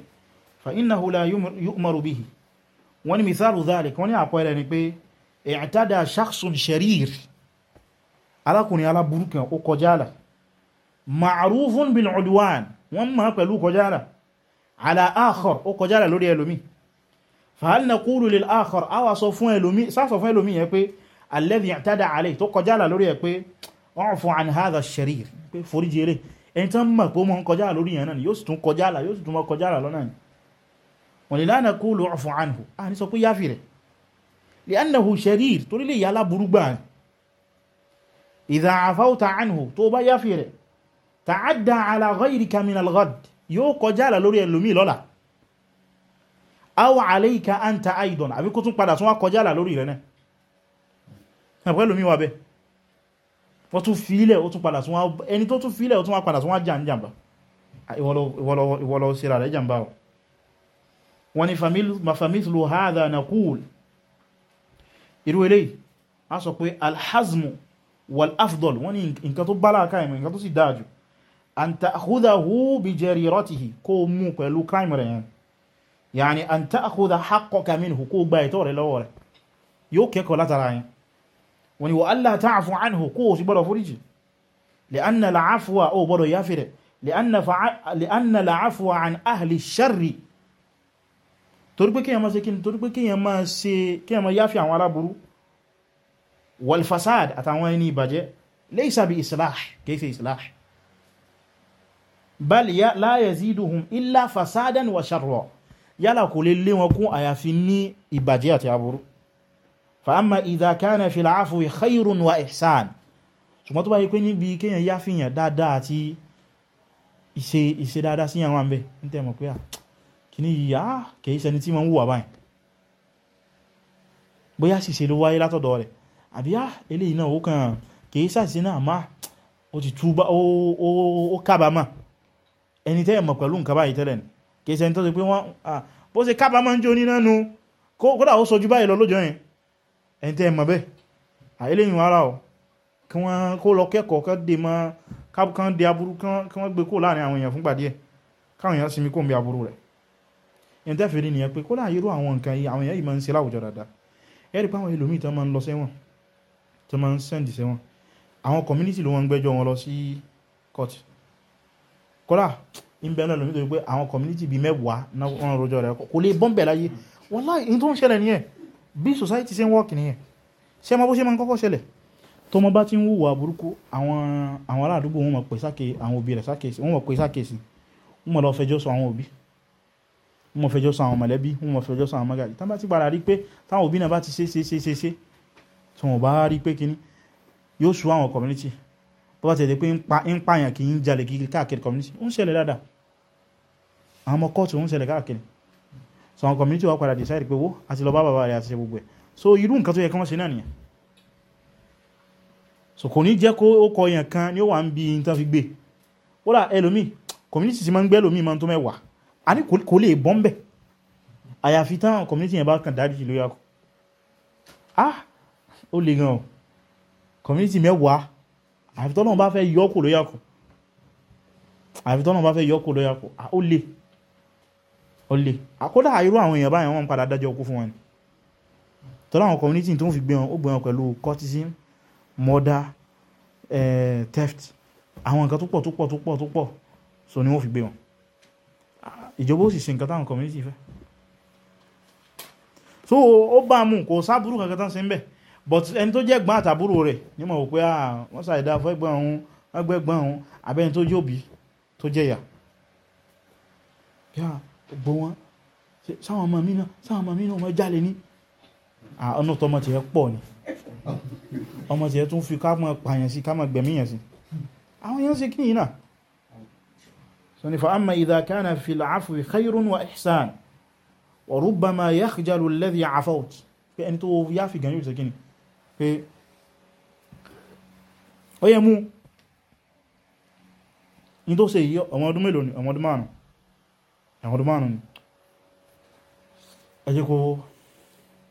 [SPEAKER 1] fa innahu la yu'maru bihi wọ́n ni mithalu dhalik wọ́n ni àpẹẹrẹ ni pé i'tada shakhsun sharir alákùnrin aláburúkan ó kọjá àlà ma'arufun bil udwan wọ́n ma pẹ̀lú kọjá àlà ala akhar ó kọjá àlà lórí ẹlòmí fa hal naqulu lil akhar awa sọ fún ẹlòmí sá fún ẹlòmí yẹn pé alladhi i'tada alayhi tó kọjá là lórí ẹ̀ pé u'fu an hadha ash-sharir pé foríjì eré ẹni tán mọ̀ pé ó mọ́ ń kọjá lórí yẹn náà ni yóò sì tún kọjá là yóò sì tún mọ́ kọjá là lọ́nà ni wa la naqulu u'fu anhu a ní sọ pé yáfi rẹ̀ li'annahu sharir torí lè yálà burú gbà ni idha afawta anhu tó bá yáfi rẹ̀ ta'adda ala ghayrika min al-ghad yóò kọjá là lórí ẹlòmí lọ́la aw alayka anta aidan àbí kó tún padà tún wá kọjá là lórí rẹ̀ náà ẹ̀pẹ́ lómi wà bẹ́ wọ́n tún fílẹ̀ ó tún padà tún wá ẹni tó tún fílẹ̀ ó tún wá padà tún wá jà ń jàmbá ìwọ̀lọ̀ síra rẹ̀ jàmbá ọ̀ wọ́n ni mafamithlu hadha naqul irú eléyìí a sọ pé alhazmu wal afdol wọ́n ni nǹkan tó bala ká ìmọ̀ nǹkan tó sì dájú an ta'khudahu bi jariratihi kó mú pẹ̀lú crime rẹ̀ yẹn yani an ta'khudha haqqaka minhu kó gba ìtọ́ rẹ̀ lọ́wọ́ rẹ̀ yóò kẹ́kọ̀ọ́ látara yẹn wọ́n ní wọ́n allah ta'afu anhu kó o sì gbọ́dọ̀ foríjì li'anna la'afuwa o gbọ́dọ̀ yáfi rẹ̀ li'anna la'afuwa an ahli sharri torí pé kíyàn máa ṣe kí ni torí pé kíyàn máa ṣe kíyàn máa yáfi àwọn aláburú wal fasad àtàwọn ẹni ìbàjẹ́ laysa bi islah kayfa islah bal la yaziduhum illa fasadan wa sharra yálà kò lè lé wọn kún àyàfi ní ìbàjẹ́ àti aburú fàámà ìdákánà fìlàáfù khayrun wa ihsan ṣùgbọ́n tó bá yí pé níbi kíyàn yá fìyàn dáadáa àti ìṣe dáadáa sí àwọn ah, àmì ah, ń tẹ́mọ̀ pé kì ní yà kìí ṣẹni tí ma ń wùwà báyìí bóyá sì ṣe ló wáyé látọ̀dọ̀ rẹ̀ àbí á ilé iná ó kàn kìí ṣàṣì náà má ah, ó ti túbá ó kábàámà ẹni tẹ́ẹ̀mọ̀ pẹ̀lú nǹkan báyìí tẹ́lẹ̀ ni kìí ṣẹni tó ti pé wọ́n bó ṣe kábàámà ń jó ní nánu kódà ó sojú báyìí lọ lójọ́ yẹn ẹni tẹ́ mọ̀ bẹ́ẹ̀ àìlẹ́yìn wàrà ọ̀ kí wọ́n kó lọ kẹ́kọ̀ọ́ kán dè mọ́ kán dé aburú kí wọ́n gbé kó láàrin àwọn èèyàn fúngbà díẹ̀ káwọn èèyàn sinmi kó ń bí aburú rẹ̀ ẹni tẹ́ fèrè nìyẹn pé kó láàyè irú àwọn nǹkan yìí àwọn èèyàn yìí máa ń ṣe láwùjọ dáadáa ẹ̀rí pé àwọn ẹlòmíì tán máa ń lọ sẹ́wọ̀n tán máa ń sẹ́ǹdì sẹ́wọ̀n àwọn community ló wọ́n ń gbẹ́jọ́ wọn lọ sí court kọ́lá ìbẹ̀ náà lòmí tó yẹ pé àwọn community bíi mẹ́wàá náà wọ́n rojọ́ rẹ̀ kò lè bọ́m̀bẹ̀ láyé wọ́n láì ní tó ń ṣẹlẹ̀ nìyẹn bí society ṣe ń wọ́ọ̀kì nìyẹn ṣe mọ bó ṣe máa ń kọ́kọ́ ṣẹlẹ̀ tọmọ bá ti ń wùwà burúkú àwọn àwọn ará àdúgbò wọn mọ̀ pé sáke àwọn òbí rẹ̀ sákèsí wọn mọ̀ pé sákèsí wọn mọ̀ lọ fẹjọ́ sọ àwọn òbí wọn mọ̀ fẹjọ́ sọ àwọn mọ̀lẹ́bí wọn mọ̀ fẹjọ́ sọ àwọn mọ̀gàjì tán bá ti padà rí pé táwọn òbí náà bá ti ṣe ṣe ṣe wọn bá rí pé kíní yóò sú àwọn community bó bá tẹ̀lé pé ń pààyàn kì í jalè kiri káàkiri community ó ń ṣẹlẹ̀ dáadáa àwọn ọmọ kóòtù ń ṣẹlẹ̀ káàkiri so community wa padà decide pé wó àti lọ bá bàbá rẹ̀ àti ṣe gbogbo ẹ̀ so irú nǹkan tó yẹ kí ṣe náà nìyẹn so kò ní jẹ́ kó ó kọ èèyàn kan ni ó wà ń bi in tán fi gbé ó là ẹlòmí community ti máa ń gbé ẹlòmí máa ń tó mẹ́wàá a ní kò lè bọ́n bẹ̀ àyàfi táwọn community yẹn bá kàn dájú ìlú yàkó ah ó le gan community mẹ́wàá àyàfi tọ́nà bá fẹ́ yọ́kù ló yàkó àyàfi tọ́nà bá fẹ́ yọ́kù ló yàkó ah ó le ó lè àkódà ah, irú àwọn èèyàn báyìí wọ́n padà dájọ́ ọkú fún wọn tọ́lá àwọn community tó ń fi gbé wọn ó gbé pẹ̀lú courtism murder eh, theft àwọn nǹkan tó pọ̀ tó pọ̀ tó pọ̀ tó pọ̀ so ni wọ́n fi gbé wọn ìjọba ó sì ṣe nǹkan táwọn community fẹ́ so ó bá mú kò sábúrú kankan tán ṣe ń bẹ̀ but ẹni tó jẹ́ gbọ́n àtàbúrò rẹ̀ ní mọ̀ pé ah, wọ́n ṣàìdá fún ẹgbẹ́ òun ẹgbẹ́ gbọ́n òun àbẹ́ni tó jóbi tó jẹ̀yà yeah gbogbo wọn sáwọn ọmọ mi náà sáwọn ọmọ mi náà wọ́n jálè ní ọ̀nà tọmọ tí ẹ pọ̀ ni ọmọ tí ẹ tún fi ká mọ̀ pààyàn sí ká mọ̀ gbẹ̀míyàn sí àwọn yẹn sí kí ní náà sọ ni fa'amma idha kana fil afwi khayrun wa ihsan wa rubbama yakhjalu alladhi afawt pé ẹni tó yá fi gan yóò sọ kí ni pé ó yẹ mú ní tó ṣe yí ọmọ mélòó ni ọmọ márùn-ún àwọn ọdún márùn-ún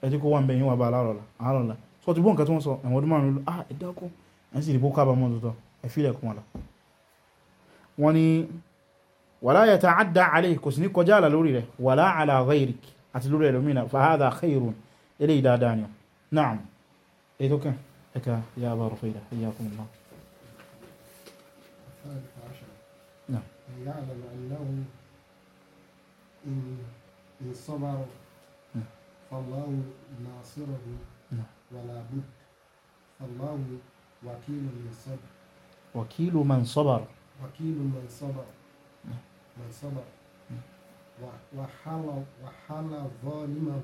[SPEAKER 1] ẹjẹ́ kó wà ń bẹ̀yìn wà bá aláàrọ̀lá so ti bọ́ nǹkan tí wọ́n sọ àwọn ọdún márùn-ún lọ ah ẹ̀dákọ́ ẹ̀ sì rí bó kábàámọ̀ tuntun ẹ̀ fílẹ̀ kún wọn lọ wọ́n ni wàlá yata'adda alayhi kò sí ní kọjá àlà lórí rẹ̀ يعلم
[SPEAKER 2] أنه إن إن صبروا نعم. فالله ناصره نعم. ولا بد فالله وكيل من صبر
[SPEAKER 1] وكيل من صبر
[SPEAKER 2] وكيل من صبر نعم. من صبر وحال وحال ظالمه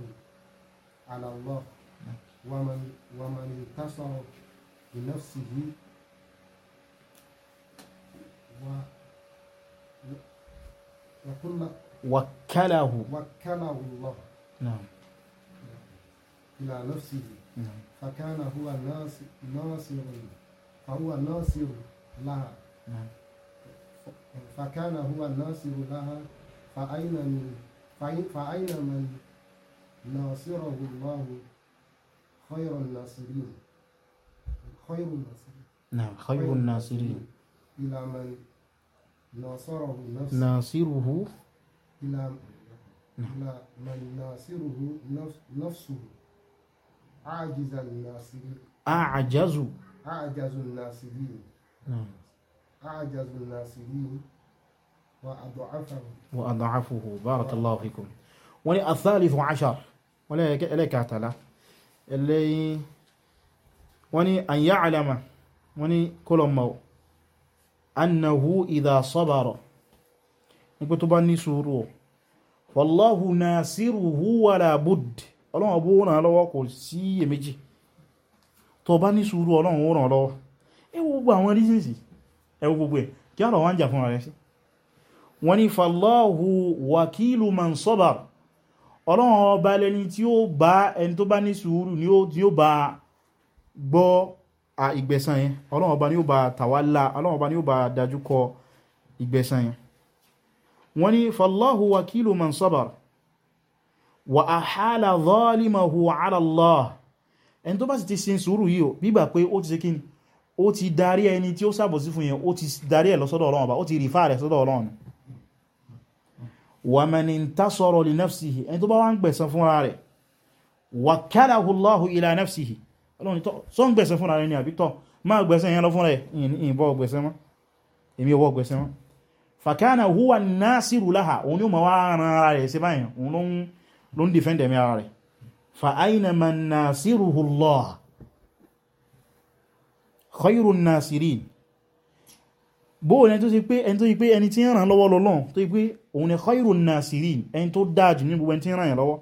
[SPEAKER 2] على الله ومن ومن انتصر بنفسه و وكل
[SPEAKER 1] وكله
[SPEAKER 2] وكله الله نعم إلى نفسه نعم. فكان هو ناصر ناصر فهو ناصر لها نعم. فكان هو ناصر لها فأين من فأين من ناصره الله خير الناصرين خير الناصرين نعم خير
[SPEAKER 1] الناصرين
[SPEAKER 2] إلى من ناصره نفسه ناصره إلى من ناصره نفسه عاجز الناصرين أعجز أعجز الناصرين أعجز الناصرين وأضعفه
[SPEAKER 1] وأضعفه بارك الله فيكم وني الثالث عشر ولا إليك أعتلى اللي وني أن يعلم وني كل أنه إذا صبر نكتب أني سورو wallahu nasiruhu wala bud ọlọ́run bó ràn lọ́wọ́ kò sí èméjì tó bá ní sùúrù ọlọ́run ó ràn lọ́wọ́ ẹ wo gbogbo àwọn reasons ẹ wo gbogbo ẹ̀ kí àrọ̀ wá ń jà fún ara sí wọ́n ní fallahu wakilu man sabar ọlọ́run ọba lẹni tí ó bá ẹni tó bá ní sùúrù ni tí ó bá wọ́n ni fallahu wakilu man sabar wa ahala zalimahu ala Allah ẹni tó bá sì ti sin sùúrù yìí o bígbà pé ó ti ṣe kín ó ti darí ẹni tí ó sàbòsí fún yẹn ó ti darí ẹ̀ lọ́sọ́dọ̀ Ọlọ́run bá ó ti rìfà rẹ̀ sọ́dọ̀ Ọlọ́run wa man intasara li nafsihi ẹni tó bá wá ń gbẹ̀san fúnra rẹ̀ wakalahu Allahu ila nafsihi Ọlọ́run tó ń gbẹ̀san fúnra rẹ̀ ni àbítọ́ máa fàkánà huwa nasiru laha òun yóò ma wá ara rẹ̀ sí báyìí òun ló ń defend ẹ̀mí ara rẹ̀ fa aina man nasiruhu Allah khayru nasirin bóò ẹni tó sì pé ẹni tó sì pé ẹni tí ń ràn lọ́wọ́ lọ́lọ́n tó sì pé òun ni khayru nasirin ẹni tó dájú ní gbogbo ẹni tí ń ràn yàn lọ́wọ́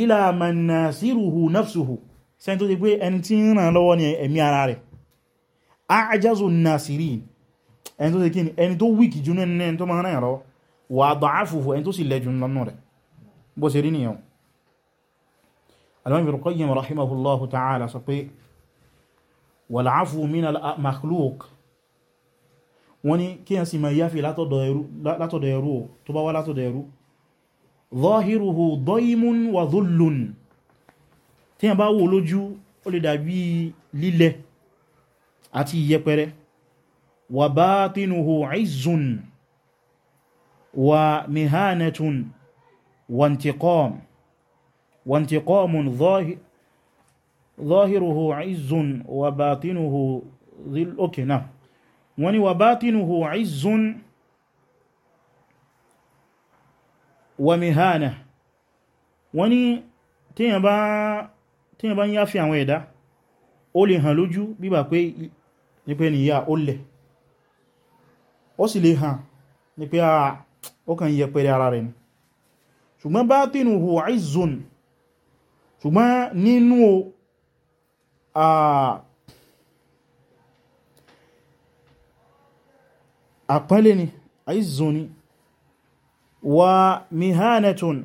[SPEAKER 1] ila man nasiruhu nafsuhu sẹ́ni tó sì pé ẹni tí ń ràn lọ́wọ́ ni ẹ̀mí ara rẹ̀ ajazu nasirin ẹni tó ṣe kí ni ẹni tó wíkì jù nínú ẹni tó máa rẹ̀ rọ wà da'afuhu ẹni tó sì lẹ́jù lọ́nà rẹ̀ bó ṣe rí nìyàn Al-Imam Ibn Qayyim rahimahullahu ta'ala sọ pé wal-'afwu min al-makhluq wọ́n ni kí yẹn sì máa yáfi látọ̀dọ̀ ẹrú tó bá وباطنه عز ومهانة وانتقام وانتقام ظاهر ظاهره عز وباطنه ذل أكنة وني وباطنه عز ومهانة وني تيبا تيبا يافي عن ويدا ó lè hàn lójú bíbà pé ní pé nìyà ó lẹ̀ ó sì lè hàn ní pé ah, ó kàn yẹ pẹ̀lẹ̀ ara rẹ̀ ni ṣùgbọ́n batinuhu izzun ṣùgbọ́n nínú àpẹẹlẹ̀ ni izzun ni wa mihanatun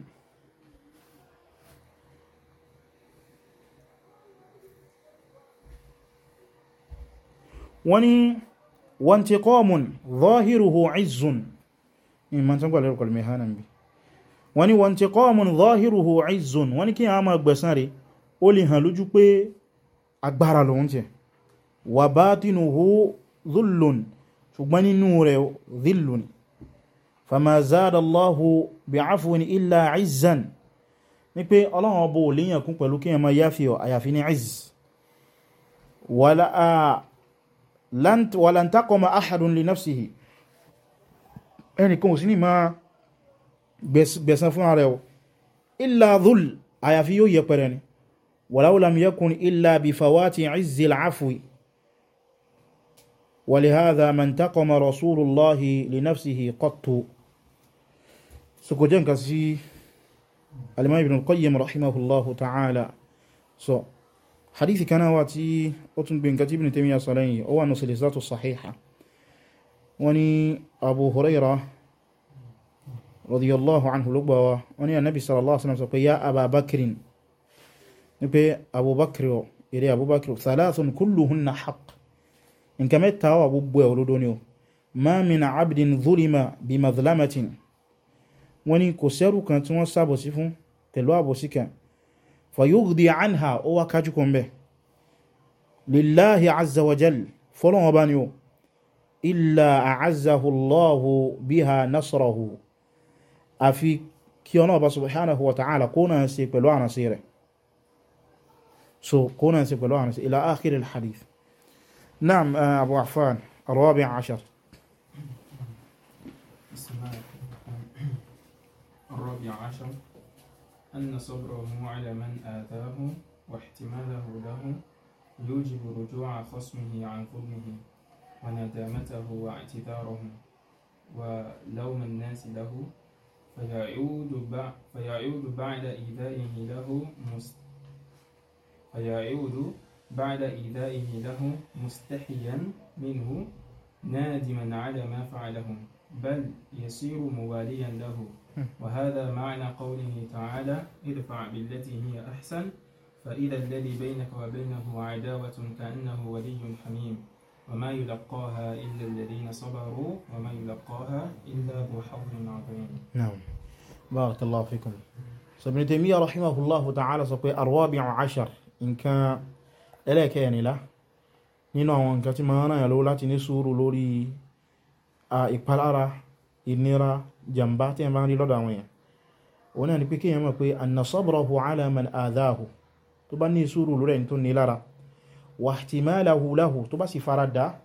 [SPEAKER 1] wani وانتقام ظاهره عز إما تنقل لك المهانا بي wọ́n ni وانتقام ظاهره عز wọ́n ni kí a máa gbẹ̀san rẹ̀ ó lè hàn lójú pé agbára lòun tẹ̀ wa فما زاد الله بعفو إلا عزا ní pé ọlọ́run ọbọ̀ ò léyàn kún pẹ̀lú kí ẹ máa عز wala wàlàntakọ̀mọ̀ ahadun lè náfsìhì ẹnìkan ò sí ní máa gbẹ̀san fún ààrẹ o illa dhul àyàfi yóò yẹ pẹ̀rẹ̀ ni walau lam yakun bí fawati izzil afwi ولهذا ما انتقم رسول الله لنفسه قط سكوجنكسي الإمام ابن القيم رحمه الله تعالى so hadithi kan wà tí ó tún gbé nǹkan tí Ibn Taymiyyah sọ lẹ́yìn ó wà ní Silsilatu Sahiha wọ́n ní Abu Hurairah radiyallahu anhu ló gbà wá wọ́n ní Ànábì sallallahu alaihi wasallam sọ pé ya Aba Bakrin ní pé Abubakri o eré Abubakri o thalathun kulluhunna haqq nǹkan mẹ́ta wà gbogbo ẹ̀ olódó ni o ma min abdin dhulima bi madhlamatin wọ́n ní kò kan tí wọ́n sábọ̀ sí fún pẹ̀lú àbòsí kan fayugdi anha ó wá kájú kò ń bẹ̀ lillahi azza wa jal fọ́lọ́wọ́ bá ní o illa a'azzahu allahu biha nasrahu àfi kí ọ̀nà ọba subhanahu wa ta'ala kó náà ṣe pẹ̀lú àrànṣe rẹ̀ so kó náà ṣe pẹ̀lú àrànṣe ila akhiril hadith naam abu afan rabi ashar
[SPEAKER 3] الرابع عشر أن صبره على من آذاه واحتماله له يوجب رجوع خصمه عن ظلمه وندامته واعتذاره ولوم الناس له فيعود بعد فيعود بعد إيذائه له مست فيعود بعد إيذائه له مستحيا منه نادما على ما فعله بل يصير مواليا له وهذا معنى قوله تعالى ادفع بالتي هي أحسن فإذا الذي بينك وبينه عداوة كأنه ولي حميم وما يلقاها إلا الذين صبروا وما يلقاها إلا ذو حظ عظيم
[SPEAKER 1] نعم بارك الله فيكم ابن تيمية رحمه الله تعالى سقوي الرابع عشر إن كان إليك يعني لا nínú àwọn nǹkan tí ma ń ràn yà lówó láti ní lórí ìpalára ìnira jàmbá tí ẹ bá ń rí lọ́dọ̀ àwọn èèyàn òun náà ni pé kíyàn mọ̀ pé anna sabrahu ala man adhahu tó bá ní sùúrù lórí ẹni tó ní lára wa ihtimalahu lahu tó bá sì faradà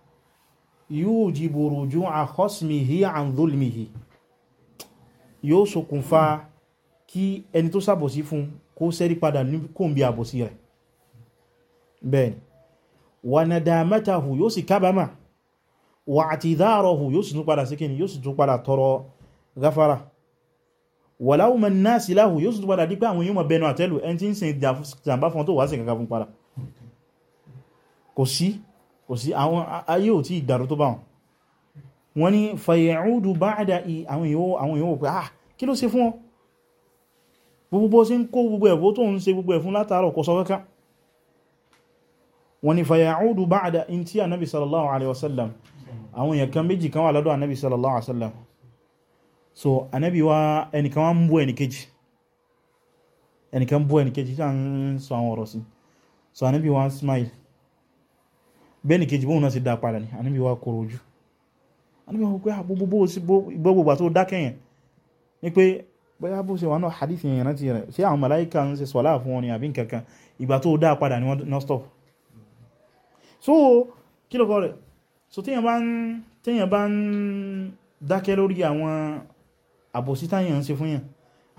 [SPEAKER 1] yujibu ruju'a khasmihi an dhulmihi yóò ṣokùnfà kí ẹni tó sàbòsí fún kó sẹ́rí padà ní kòmbi àbòsí rẹ̀ bẹ́ẹ̀ni wa nadamatahu yóò sì kábàámà wa i'tidharuhu yóò sì tún padà síkíni yóò sì tún padà tọrọ gáfàrà wàláwù mẹ́ náà sí láhù yóò sì padà dípẹ́ àwọn yóò mọ̀ bẹnu àtẹ́lù ẹni tí ń sin jàmbá fún tó wà sí kankan fún padà kò sí kò sí àwọn ayé ò tí ìdàrú tó bá wọn wọ́n ní fàyẹ̀údù bá àdá àwọn èèyàn pé ah kí ló ṣe fún ọ gbogbo bó ṣe ń kó gbogbo ẹ̀bó tó wọ́n ní fàyẹ̀údù bá àdá in tí so anabi wa ẹnìkan wá ń bú ẹnìkejì ẹnìkan bú ẹnìkejì tí a ń sọ àwọn ọ̀rọ̀ sí so anabi wa smile bẹ́ẹ̀ni kejì bóun náà sì dá padà ní anabi wa kòrò ojú anabi wa pé àbúgbogbo gbogbo tó dákẹ́yẹn ni pé bóyá bó ṣe wà náà hadith yẹn rántí rẹ̀ ṣé àwọn màláíkà ń ṣe sọ́lá fún wọn ni àbí nkankan ìgbà tó dá padà ní wọ́n stop so kí ló kọ́ rẹ̀ so téèyàn bá ń dákẹ́ lórí àwọn àbòsí táyàn ń ṣe fún yàn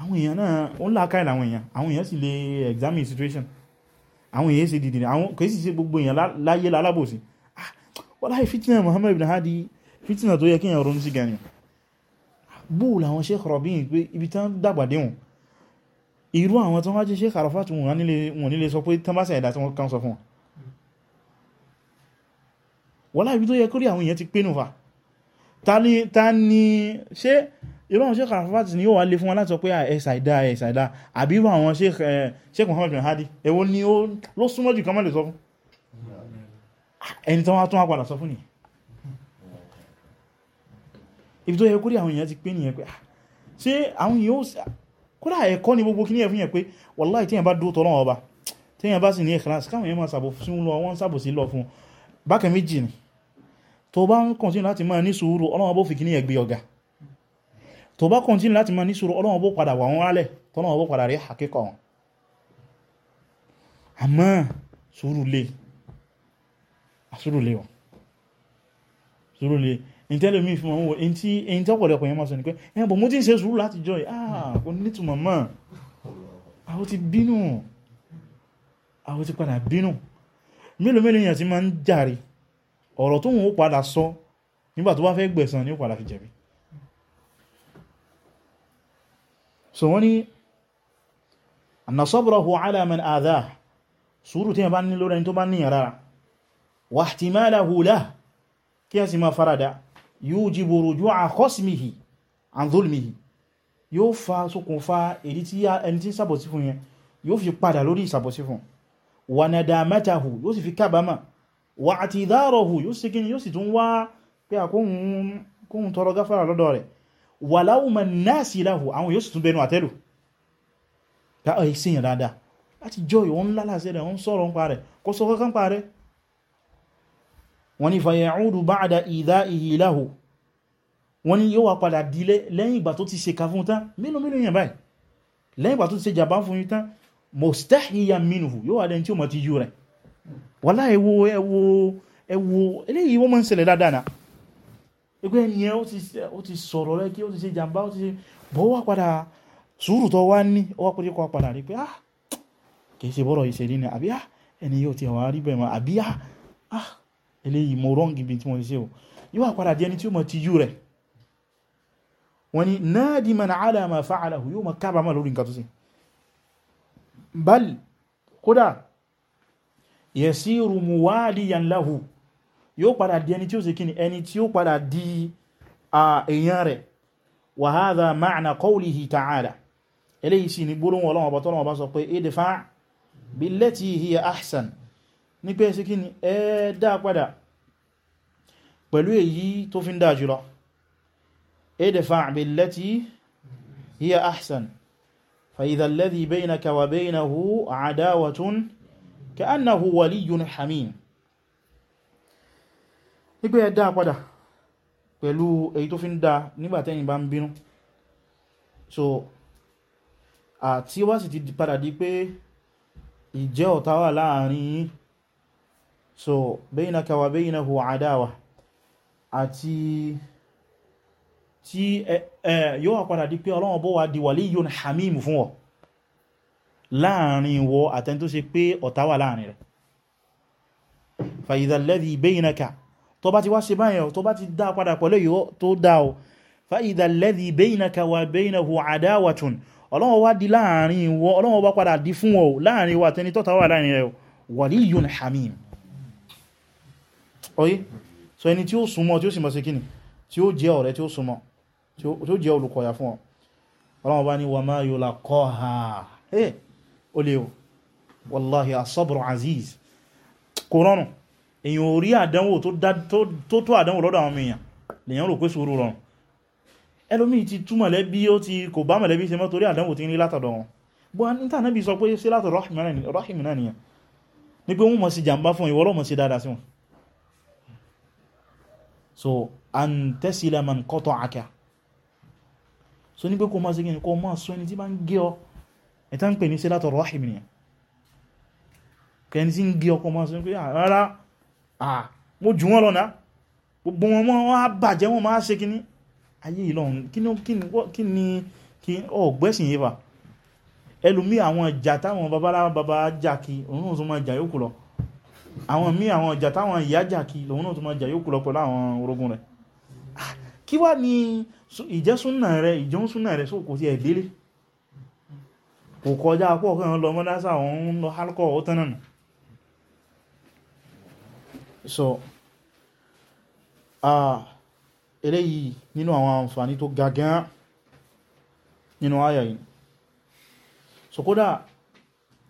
[SPEAKER 1] àwọn èèyàn náà ó ń làákàyè làwọn èèyàn àwọn èèyàn sì lè examine situation àwọn èèyàn sì dìdì àwọn kò sì ṣe gbogbo èèyàn láyé lálábòsí ah, wàláhì fìtínà Muhammad ibn Hadi fìtínà tó yẹ kí èèyàn ronú sí gan ni bóò làwọn Sheikh Rabi' pé ibi tán dàgbà dé wọn irú àwọn tán wá jẹ́ Sheikh Arafat wọn nílé sọ pé tán bá sàìdá tí wọ́n kàn sọ fún wọn wàláhì ibi tó yẹ kórí àwọn èèyàn ti pé fa ta ni ṣe irú àwọn sheikh Arafat ni ó wà lè fún wọn láti sọ pé ah, ẹ̀sà ìdá àbí irú àwọn sheikh Muhammad Hadi èwo ni ó ló súnmọ́ jù kan mọ́ lè sọ fún ẹni tán wá tún wá sọ fún ni ibi tó yẹ kórí àwọn èèyàn ti pé nìyẹn pé ah, ṣe àwọn èèyàn ó kódà ẹ̀kọ́ ni gbogbo kí ní ẹ̀fún yẹn pé wàláì tí èèyàn bá dúró tọ́lọ́wọ́ ọba tí èèyàn bá sì ní ìkìláàsì káwọn èèyàn máa sàbò sí lọ wọ́n sàbò sí lọ fún bákan méjì ni tó bá ń kọ̀ntínú láti máa ní sùúrù ọlọ́wọ́ bó fi kí ní ẹgbẹ́ ọ̀gá tó bá kọntínú láti máa ní sùúrù Ọlọ́run bó padà wà wọ́n rálẹ̀ tọ́lọ́run bó padà rí àkíkọ̀ wọn àmọ́ sùúrù lè sùúrù lè wọn sùúrù lè ní tẹ́lẹ̀ mi fi mọ̀ wọ́n èyí tí èyí tọ́pọ̀lọpọ̀ yẹn máa sọ ní pé bọ̀ mú tí ń ṣe sùúrù láti jọ ah kò ní tùmọ̀ mọ́ àwọn ti bínú àwọn ti padà bínú mélòó mélòó yẹn ti máa ń jàre ọ̀rọ̀ tó wọn ó nígbà tó bá fẹ́ gbẹ̀san ni ó padà fi jẹ̀bi so wọ́n ni anna sabrahu ala man adhah sùúrù tí a bá ní lórí ẹni tó bá níyàn rárá wa ihtimalahu lahu kí a sì máa farada yujibu ruju'a khasmihi an dhulmihi yóò fa ṣokùnfà èdí tí ẹni tí sàbọ̀sí fún yẹn yóò fi padà lórí ìsàbọ̀sí fún wa nadamatahu yóò sì fi kábàmà wa i'tidharahu yóò sì kí yóò sì tún wàláwù ma náà sí láhù àwọn yóò sì tún bẹnu àtẹ́lù ká ọ̀ ah, ìsìnyàn dáadáa láti jọ ìwọ̀n lálàsẹ̀ rẹ̀ wọ́n sọ̀rọ̀ ń pa rẹ̀ kó sọ kọ́kán pa rẹ̀ wọ́n ni fayaudu ba'da idha'ihi lahu wọ́n ni yóò wá padà dílé lẹ́yìn eléyìí wọ́n mọ́ ń ṣẹlẹ̀ dáadáa náà ẹgbẹ́ ẹni ẹ ó ti sọ̀rọ̀ rẹ kí ó ti ṣe jàmbá ó ti ṣe bọ́ wà padà sùúrù tó wá ní ó wá pé kọ́ padà rí pé ah kìí ṣe bọ́rọ̀ ìṣẹ̀lẹ̀ ni àbí ah ẹni yóò ti wà rí bẹ́ẹ̀ mọ́ àbí ah ah eléyìí mo rọ́ǹ gidi tí mo ṣe o yóò padà di ẹni tí ó mọ̀ ti yú rẹ̀ wọ́n ni nadiman ala ma fa'alahu yóò mọ̀ kábàámọ̀ lórí nǹkan tó ṣe bal kódà yasiru muwadiyan lahu yóò padà di ẹni tí ó ṣe kíni ẹni tí ó padà di èèyàn rẹ̀ wa hadha ma'na qawlihi ta'ala eléyìí sí ni gbólóhùn Ọlọ́run Ọba tọ́lọ́run Ọba sọ pé idfa' billati hiya ahsan ní pé sí kíni ẹ dá padà pẹ̀lú èyí tó fi ń dá jùlọ idfa' billati hiya ahsan fa idha alladhi nígbé ẹ dáa padà pẹ̀lú èyí tó fi ń dáa nígbàtẹ́yìn bá ń bínú so àti wá sì ti padà di pé ìjẹ́ ọ̀tá wà láàrin yín so baynaka wa baynahu adawa àti tí yóò wà padà di pé ọlọ́wọ́n bó wà di waliyyun hamim fún ọ láàrin wọ àtẹ́ntó ṣe pé ọ̀tá wà láàrin rẹ̀ tó bá ti wá ṣe báyẹn tó bá ti dá padà pẹ̀lú ìwọ tó dá o fa'idha alladhi baynaka wa baynahu adawatun ọlọ́wọ́ wá di láàrin wọ ọlọ́wọ́ bá padà di fún ọ láàrin wà tẹni tọ́ta wà láàrin rẹ̀ waliyyun hamim oye so ẹni tí ó súnmọ́ tí ó wallahi as aziz kò èyàn orí àdánwò tó tó àdánwò lọ́dọ̀ àwọn èèyàn lèyàn rò pé sùúrù rọrùn ẹlòmí ti tú mọ̀lẹ́bí ó ti kò bá mọ̀lẹ́bí ṣe mọ́ torí àdánwò tí ń rí látọ̀dọ̀ wọn bó níta náà bí sọ pé sí látọ̀ rọ́hìmì náà nìyàn ní pé wọ́n mọ̀ sí jàmbá fún so an man qata'aka so ní pé kò máa sí kí ni kò máa sọ ẹni ah mo jù wọ́n lọ́nà gbogbo wọn wọ́n á bàjẹ́ wọ́n máa ṣe kíní ayé ìlọ́run kí ni ọ̀gbẹ́sìn yípa ẹlòmí àwọn ìjà táwọn babaláwa baba jà kí òun náà tó máa jà yókù lọ àwọn mí àwọn ìjà táwọn ìyá jà kí òun náà tó máa jà yókù lọ pẹ̀lú àwọn orogún rẹ̀ kí wá ní ìjẹ́súnà rẹ̀ ìjọ́nsúnà rẹ̀ só kò sí ẹ̀dẹ́lé kò kọjá pọ̀ kí wọ́n lọ mọ́dásà òun lọ hálkọ̀ ó tánànà so ah eléyìí nínú àwọn àǹfààní tó ga gan nínú àyà yìí so kódà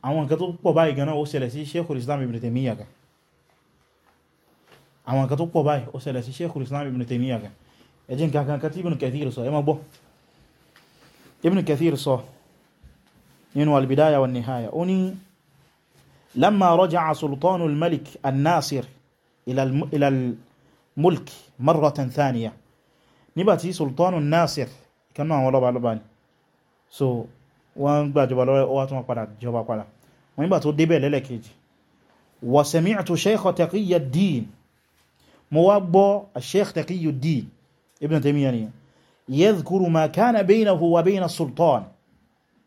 [SPEAKER 1] àwọn nǹkan tó pọ̀ báyìí gan náà ó ṣẹlẹ̀ sí Sheikhul Islam Ibn Taymiyyah gan àwọn nǹkan tó pọ̀ báyìí ó ṣẹlẹ̀ sí Sheikhul Islam Ibn Taymiyyah gan ẹjẹ́ nǹkan kan tí Ibn Kathir sọ ẹ má gbọ́ Ibn Kathir sọ nínú al-Bidaya wan-Nihaya ó lamma raja'a sultanul malik an-Nasir ilal mulk marratan thaniya nígbàtí sultanu nasir ìkanú àwọn ọlọ́ba lọ́ba ni so wọ́n gbàjọba lọ́wọ́ ọwá tó wọ́n padà jọba padà wọ́n nígbà tó débẹ̀ lẹ́lẹ́kejì wa sami'tu sheikh Taqiyuddin mo wá gbọ́ sheikh Taqiyuddin ibn Taymiyyah ni yadhkuru ma kana baynahu wa bayna sultan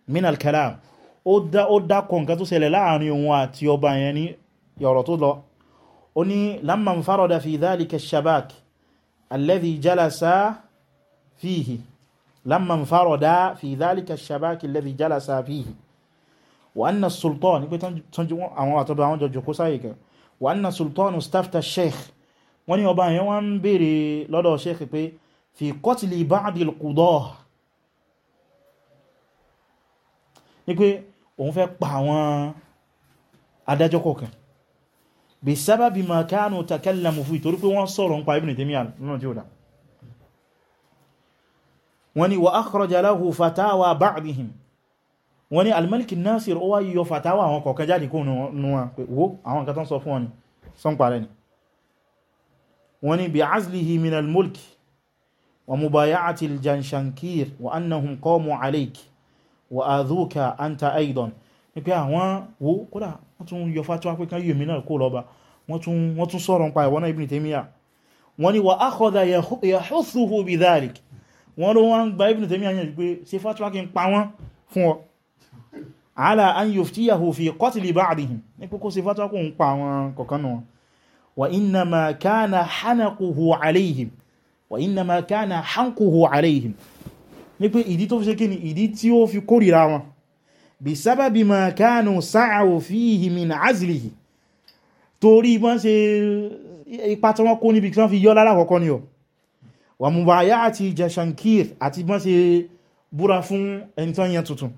[SPEAKER 1] min al-kalam ó dákọ̀ nǹkan tó ṣẹlẹ̀ láàrin òun àti ọba yẹn ní ọ̀rọ̀ tó lọ ó ní lamma nfarada fi dhalika shabak alladhi jalasa fihi lamma nfarada fi dhalika shabak alladhi jalasa fihi wa anna sultan pé tán jí àwọn àtọ́bà àwọn jọjọ kó sáyé kan wa anna sultan stafta sheikh wọ́n ní ọba yẹn wọ́n ń sheikh pé fi qatli ba'd al-qudah ní pé òun fẹ́ pa àwọn adájọ́ kọ̀ọ̀kan bisababi ma kanu takallamu fi torí pé wọ́n sọ̀rọ̀ npa ibn taymiyyah náà tí ó dá wọ́n ní wa akhraja lahu fatawa ba'dihim wọ́n ní al-malik an-nasir ó wá yíyọ fatawa àwọn kọ̀ọ̀kan jáde kó nù wọn pé wo àwọn nǹkan tó ń sọ fún wọn ni sọ ń parẹ́ ni wọ́n ní bi'azlihi min al-mulk wa mubaya'ati al-janshankir wa annahum qamu alayk wa adhuka anta aidan ní pé àwọn wo kódà wọ́n tún yọ fatuwa pé kan yìí náà kó lọ́ba wọ́n tún sọ̀rọ̀ nípa ìwọ́n náà Ibn Taymiyyah wọ́n ni wà akhadha yahuthuhu bidhalik wọ́n ló wọ́n gba Ibn Taymiyyah yẹn pé ṣe fatuwa kí n pa wọ́n fún ọ ala an yuftiyahu fi qatli ba'dihim ní pé kó ṣe fatuwa kó ń pa wọn kọ̀kan náà wa innama ìdí tó fi ṣe kí ni ìdí tí ó fi kórìíra wọn bisababi ma kanu sa'aw fihi min azlihi torí bon ṣe ipa tí wọ́n kó níbi tí wọ́n fi yọ lára kọ́kọ́ ni o wa mubayati jashankir àti bon ṣe búra fún en ton yan tuntun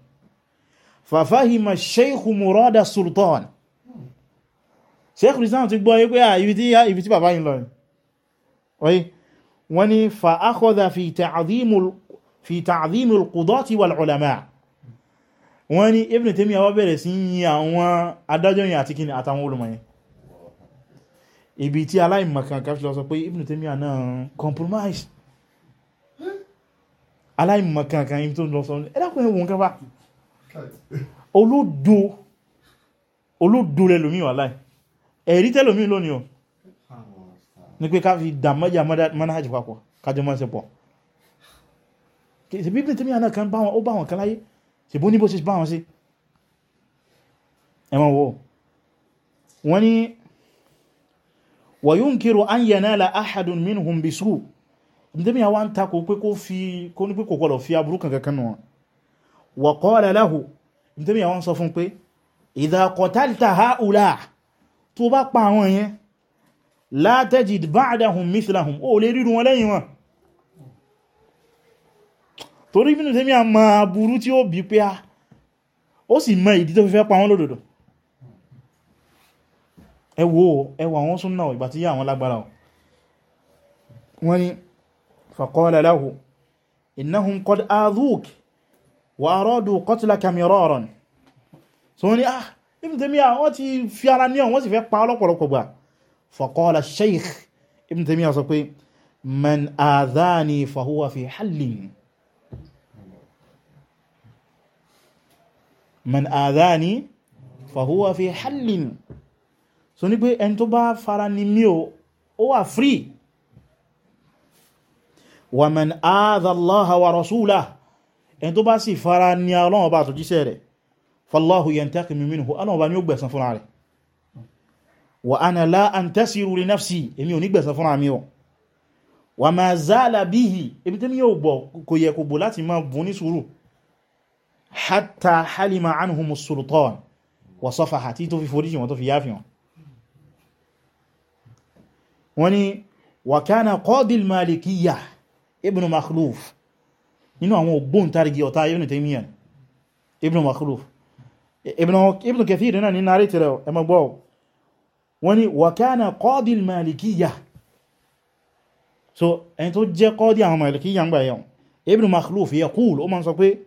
[SPEAKER 1] fa fahima shaykh murada sultan sheikh rizan ti gbọ́ pé ah ibi tí ibi tí bàbá yín lọ oyi wọ́n ní fa fi ta'dhim qudati wal ulama wọ́n ní Ibn Taymiyyah wá bẹ̀rẹ̀ sí yìn àwọn adájọ́ yìí àti kíni àtàwọn olùmọ̀yìn ibi tí aláìmọ̀kan kan sọ pé Ibn Taymiyyah náà compromise aláìmọ̀kan kan ibi tó lọ sọ ẹ̀dàkùn ẹ̀wọ̀n kan bá olódo olódo lẹ́lòmí wà láì ẹ̀rí tẹ́lòmí lónìí o ní pé ká fi dàmọ́jà manhaj papọ̀ kájọ mọ́ sí pọ̀ Ibn Taymiyyah náà kan bá wọn kan láyé ṣe bó ní bó ṣe bá wọn sí ẹmọ wọ́ wọ́n ni wa yunkiru an yanala ahadun minhum bisu ndẹ́mí àwọn ń takò pé kó fi kó ní pé kò kọlọ̀ fi aburú kankan kan wọn wa qala lahu ndẹ́mí àwọn sọ fún pé idha qatalta haula tó bá pa àwọn yẹn la tajid ba'dahum mithlahum ó lè rírun wọn lẹ́yìn wọn torí Ibn Taymiyyah ma burú tí ó bí pé a ó sì mọ ìdí tó fi fẹ́ pa wọ́n lódòdó ẹ wò ẹ wò àwọn súnnà ìgbà tí àwọn lágbára wọ́n ní faqala lahu innahum qad adhuk wa aradu qatlaka miraran so ní ah Ibn Taymiyyah wọ́n man adhani fahuwa fi hallin so ní pé ẹni tó bá fara ni mí o ó wà free wa man adha allaha wa rasulahu ẹni tó bá sì fara ni Ọlọ́run bá àtòjíṣẹ́ rẹ̀ fallahu yantaqimu minhu Ọlọ́run bá ní ó gbẹ̀san fúnra rẹ̀ wa ana la wa ma zala bihi ebi tí mi yóò bọ̀ kò yẹ kò bọ̀ láti máa bù ní hatta halima anhum sultan wa safaha tí tó fi foríjì wọn tó fi yáfi wọn wọ́n ni wa kana qadil malikiyya ibn makhluf nínú àwọn ògbóǹtarigi ọ̀tá ibn taymiyyah ibn makhluf ibn kathir náà ní náà rítẹ̀rẹ̀ ẹmọgbọ́ wọ́n ni wa kana qadil malikiyya so ẹni tó jẹ́ qadi àwọn malikiyya ń gbà yẹn ibn makhluf yaqul ó ma sọ pé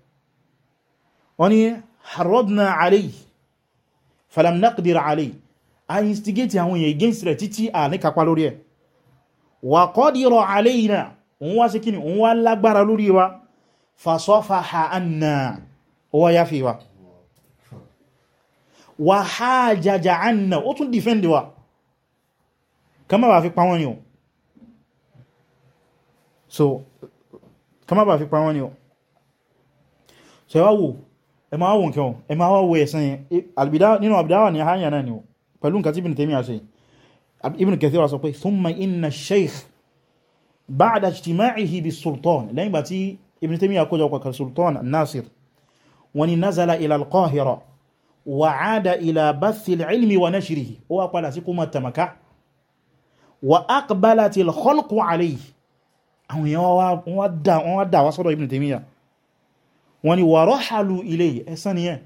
[SPEAKER 1] wọ́n ni harrodna alayhi falam naqdir alayhi a instigate àwọn èèyàn against rẹ̀ títí à ní kapa lórí ẹ̀ wà qadira alayna òun wá sí kíni òun wá lágbára lórí wa fasafaha anna owó ya fi wa wà hajaja anna ó tún defend wa kama ba fi pa ni o so kama ba fi pa ni o so yawa ẹ máa wọ nǹkan ẹ máa wọ ẹ̀sán yẹn nínú àbìdáwà ní àhányà náà ni pẹ̀lú nǹkan tí ibn Taymiyyah ṣe ibn Kathir sọ pé thumma inna sheikh ba'da ijtima'ihi bi sultan lẹ́yìn gbà tí ibn Taymiyyah kójọ pẹ̀kà sultan nasir wani nazala ila al-Qahira wa 'ada ila bathi al-ilmi wa nashrihi ó wá padà sí kuma tamaka wa aqbalati al-khalqu alayhi àwọn èèyàn wọ́n dà wá sọ́dọ̀ ibn Taymiyyah wọ́n ni wàrọ́ hàlù ilé ẹ̀sán ni ẹ̀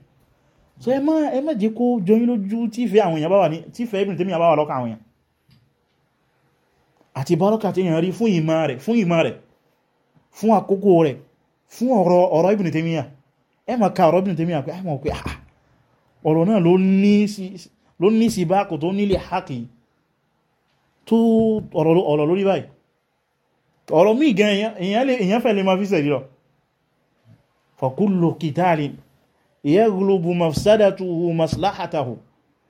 [SPEAKER 1] so ẹ máa ẹ mẹ́jẹ kó jọyìn lójú tífẹ́ àwọn èèyàn bá wà ní tífẹ́ Ibn Taymiyyah bá wà lọ́kà àwọn èèyàn àti bárọ́kà tí èèyàn rí fún ìmá rẹ̀ fún ìmá rẹ̀ fún àkókò rẹ̀ fún ọ̀rọ̀ ọ̀rọ̀ Ibn Taymiyyah ẹ máa ka ọ̀rọ̀ Ibn Taymiyyah pé ẹ ah, mọ̀ pé ah, ọ̀rọ̀ náà ló ní sí bá kò tó nílé hákì tó ọ̀rọ̀ lórí báyìí ọ̀rọ̀ míì gan èèyàn fẹ́ lè máa fi sẹ̀rí lọ فكل قتال يغلب مفسدته مصلحته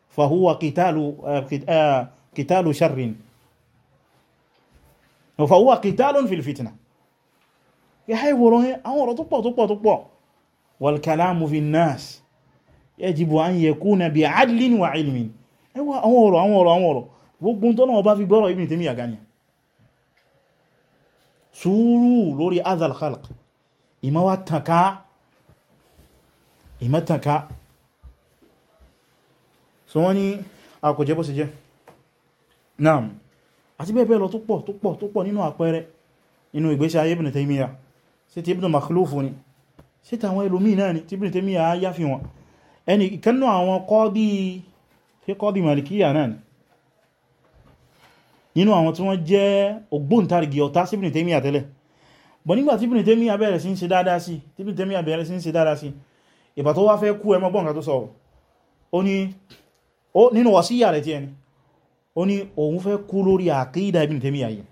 [SPEAKER 1] فهو قتال آه، قتال شر فهو قتال في الفتنه يحيى ورون اورو توبو توبو توبو والكلام في الناس يجب ان يكون بعدل وعلم ايوا اورو اورو اورو gbogbo tó náà bá fi gbọ́rọ̀ Ibn Taymiyyah gani sùúrù lórí azal khalq ìmọ̀ wá tànká ìmọ̀ tànká so wọ́n ní àkójẹ́ bó ṣe jẹ́ naam àti bẹ́ẹ̀ bẹ́ẹ̀ lọ tó pọ̀ tó pọ̀ tó pọ̀ nínú àpẹẹrẹ inú ìgbésí ayé Ibn Taymiyyah sí ti Ibn Makhluf ni sí tàwọn ẹlòmíì náà ni ti Ibn Taymiyyah yá fi wọn ẹni ìkẹ́nù àwọn kọ́dí tí kọ́dí Malikiya náà ni nínú àwọn tí wọ́n jẹ́ ògbóǹtarìgì ọ̀tá sí Ibn Taymiyyah tẹ́lẹ̀ bọ̀ nígbà tí Ibn Taymiyyah bẹ̀rẹ̀ sí ń ṣe dáadáa sí tí Ibn Taymiyyah bẹ̀rẹ̀ sí ń ṣe dáadáa sí ìbà tó wá fẹ́ kú ẹmọ gbọ́nkà tó sọ̀rọ̀ ó ní nínú wàsíyà rẹ̀ tí ẹni ó ní òun fẹ́ kú lórí àkídà Ibn Taymiyyah yìí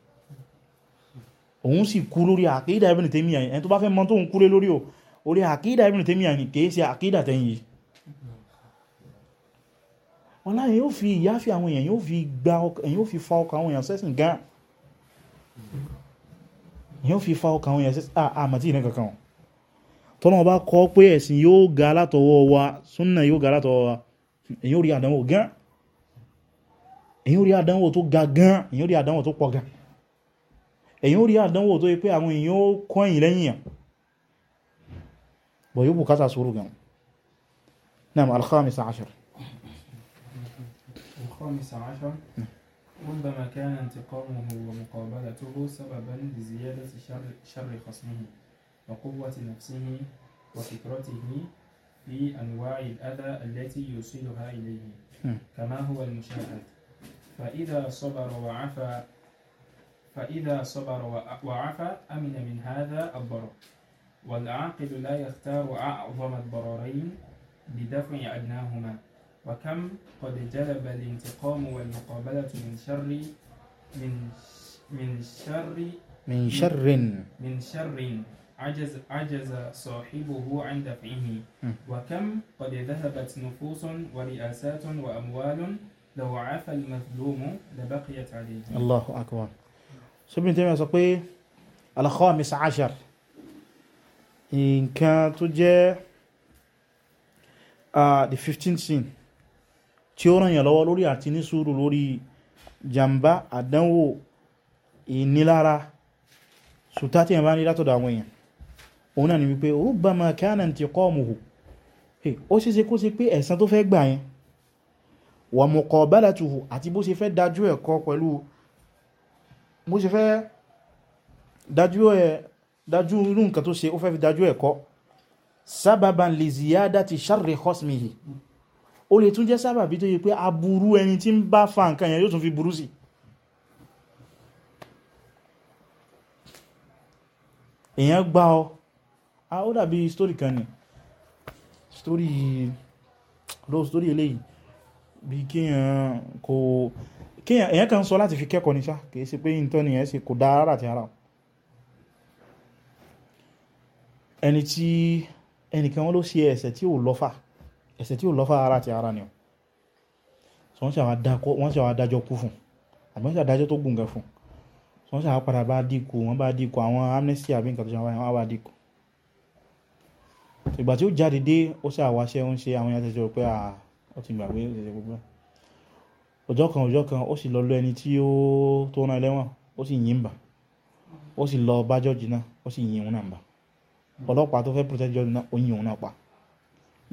[SPEAKER 1] òun sì kú lórí àkídà Ibn Taymiyyah ẹni tó bá fẹ́ mọ̀ tó ń kúré lórí o orí àkídà Ibn Taymiyyah ni kìí àkídà tẹ́yìn wọ́n láyé yóò fi ìyáfí àwọn èèyàn yóò fi fa ọkà àwọn èèyàn sẹ́sìn gan yóò fi fa ọkàn wọn yẹn àmàtí ah, ìnẹ́ kankan tọ́nà bá kọ́ pé ẹ̀sìn yóò ga látọwọ́ wa súnnà yóò ga látọwọ́ wa èyí ò rí àdánwò gan èyí ò rí àdánwò tó ga gan èyí ò rí àdánwò tó pọ̀ gan èyí ò rí àdánwò tó yẹ pé àwọn èyí ó kọ́yìn lẹ́yìn yàn bọ̀ yóò bùkátà sùúrù gan náà alkhamisa ashar
[SPEAKER 3] alkhamisa ashar ربما كان انتقامه ومقابلته سببا لزيادة شر, شر خصمه وقوة نفسه وفكرته في أنواع الأذى التي يوصلها إليه كما هو المشاهد فإذا صبر وعفى فإذا صبر وعفى أمن من هذا الضرر والعاقل لا يختار أعظم الضررين بدفع أدناهما وكم قد جلب الانتقام والمقابلة من شر من من شر من شر من شر عجز عجز صاحبه عن دفعه وكم قد ذهبت نفوس ورئاسات وأموال لو عفى المظلوم لبقيت عليه الله
[SPEAKER 1] أكبر سبحانه تيمية على الخامس عشر إن كانت جاء آه، uh, the 15 scene tí ó ràn yàn lọ́wọ́ lórí àti ní sùúrù lórí jàmbá àdánwò ìnilára sùtá tí yàn bá ní látọ̀dọ̀ àwọn èèyàn òun náà ni wípé rubbama kana intiqamuhu ó ṣeéṣe kó ṣe pé ẹ̀san tó fẹ́ gbà yẹn wa muqabalatuhu àti bó ṣe fẹ́ dájú ẹ̀kọ́ pẹ̀lú bó ṣe fẹ́ dájú ẹ̀ dájú irú nǹkan tó ṣe ó fẹ́ fi dájú ẹ̀kọ́ sábàbàn li ziyadati sharri khosmihi ó lè tún jẹ́ sábàbí tó yẹ pé aburú ẹni tí ń bá fa nǹkan yẹn yóò tún fi burú sí èyàn gbá ọ a ó dàbí story kan ni story ló story eléyìí bí kíyàn kò kíyàn èyàn kan sọ láti fi kẹ́kọ̀ọ́ ní sá kìí ṣe pé ìntọ́ nìyàn ṣe kò dára láti ara ẹni tí ẹnìkan wọ́n ló ṣe ẹ̀ṣẹ̀ tí ò lọ́fà ẹ̀ṣẹ̀ tí ó lọ́fà ara ti ara ni ọ̀ so wọ́n sì àwọn adájọ́ kú fún àbí wọ́n sì adájọ́ tó gùn gan fún so wọ́n sì àwọn padà bá dínkù wọ́n bá dínkù àwọn amnesty àbí nǹkan tó ṣe wọ́n bá dínkù ìgbà tí ó jáde dé ó sì àwáṣẹ́ ó ń ṣe àwọn ẹ̀ṣẹ̀ jọ pé ó ti gbàgbé ẹ̀ṣẹ̀ gbogbo ọjọ́ kan ọjọ́ kan ó sì lọ lọ ẹni tí ó tó rán ẹlẹ́wọ̀n ó sì yìn bà ó sì lọ bá jọ́ọ̀jì náà ó sì yìn òun náà bà ọlọ́pàá tó fẹ́ protect jọ́ọ̀jì náà ó yìn òun náà pa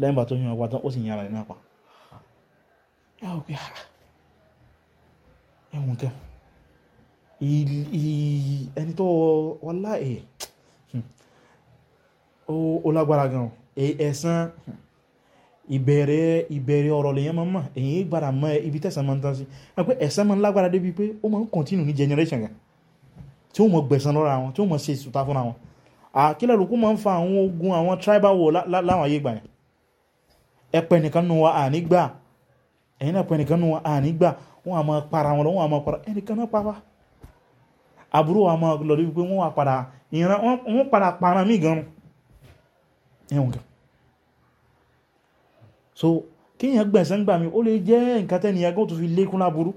[SPEAKER 1] lẹ́yìn bá tó yàn wá tán ó sì yàrá ìnápa ẹwọ pé ẹwùn kẹ ẹni tó wọlá ẹ̀ eh, hmm, ó lágbára gan ẹ̀san ìbẹ̀rẹ̀ ìbẹ̀rẹ̀ ọ̀rọ̀ lèyàn máa mọ̀ èyí gbára mọ́ ibi tẹ̀sán máa ń tán sí ẹ pé ẹ̀san máa ń lágbára débi pé ó máa ń kọ̀ntínù ní generation gan tí ó mọ̀ gbẹ̀san lọ́ra wọn tí ó mọ̀ ṣe ìsúta fúnra wọn àkílẹ̀ lókún ń fa àwọn ogun àwọn tribal war láwọn ayé gbà yẹn ẹpẹ nìkan nù wa ànígbà ẹ̀yìn náà pẹ nìkan nù wa ànígbà wọ́n a máa para wọn lọ wọ́n a máa para ẹnìkan náà pàpà àbúrò wa máa lọ wípé wọ́n padà ìran wọ́n padà para mí gan ẹ̀wọ̀n gan so kíyàn gbẹ̀sán gbà mí ó lè jẹ́ nǹkan tẹ́ni ẹgbẹ́ tó fi lékún láburú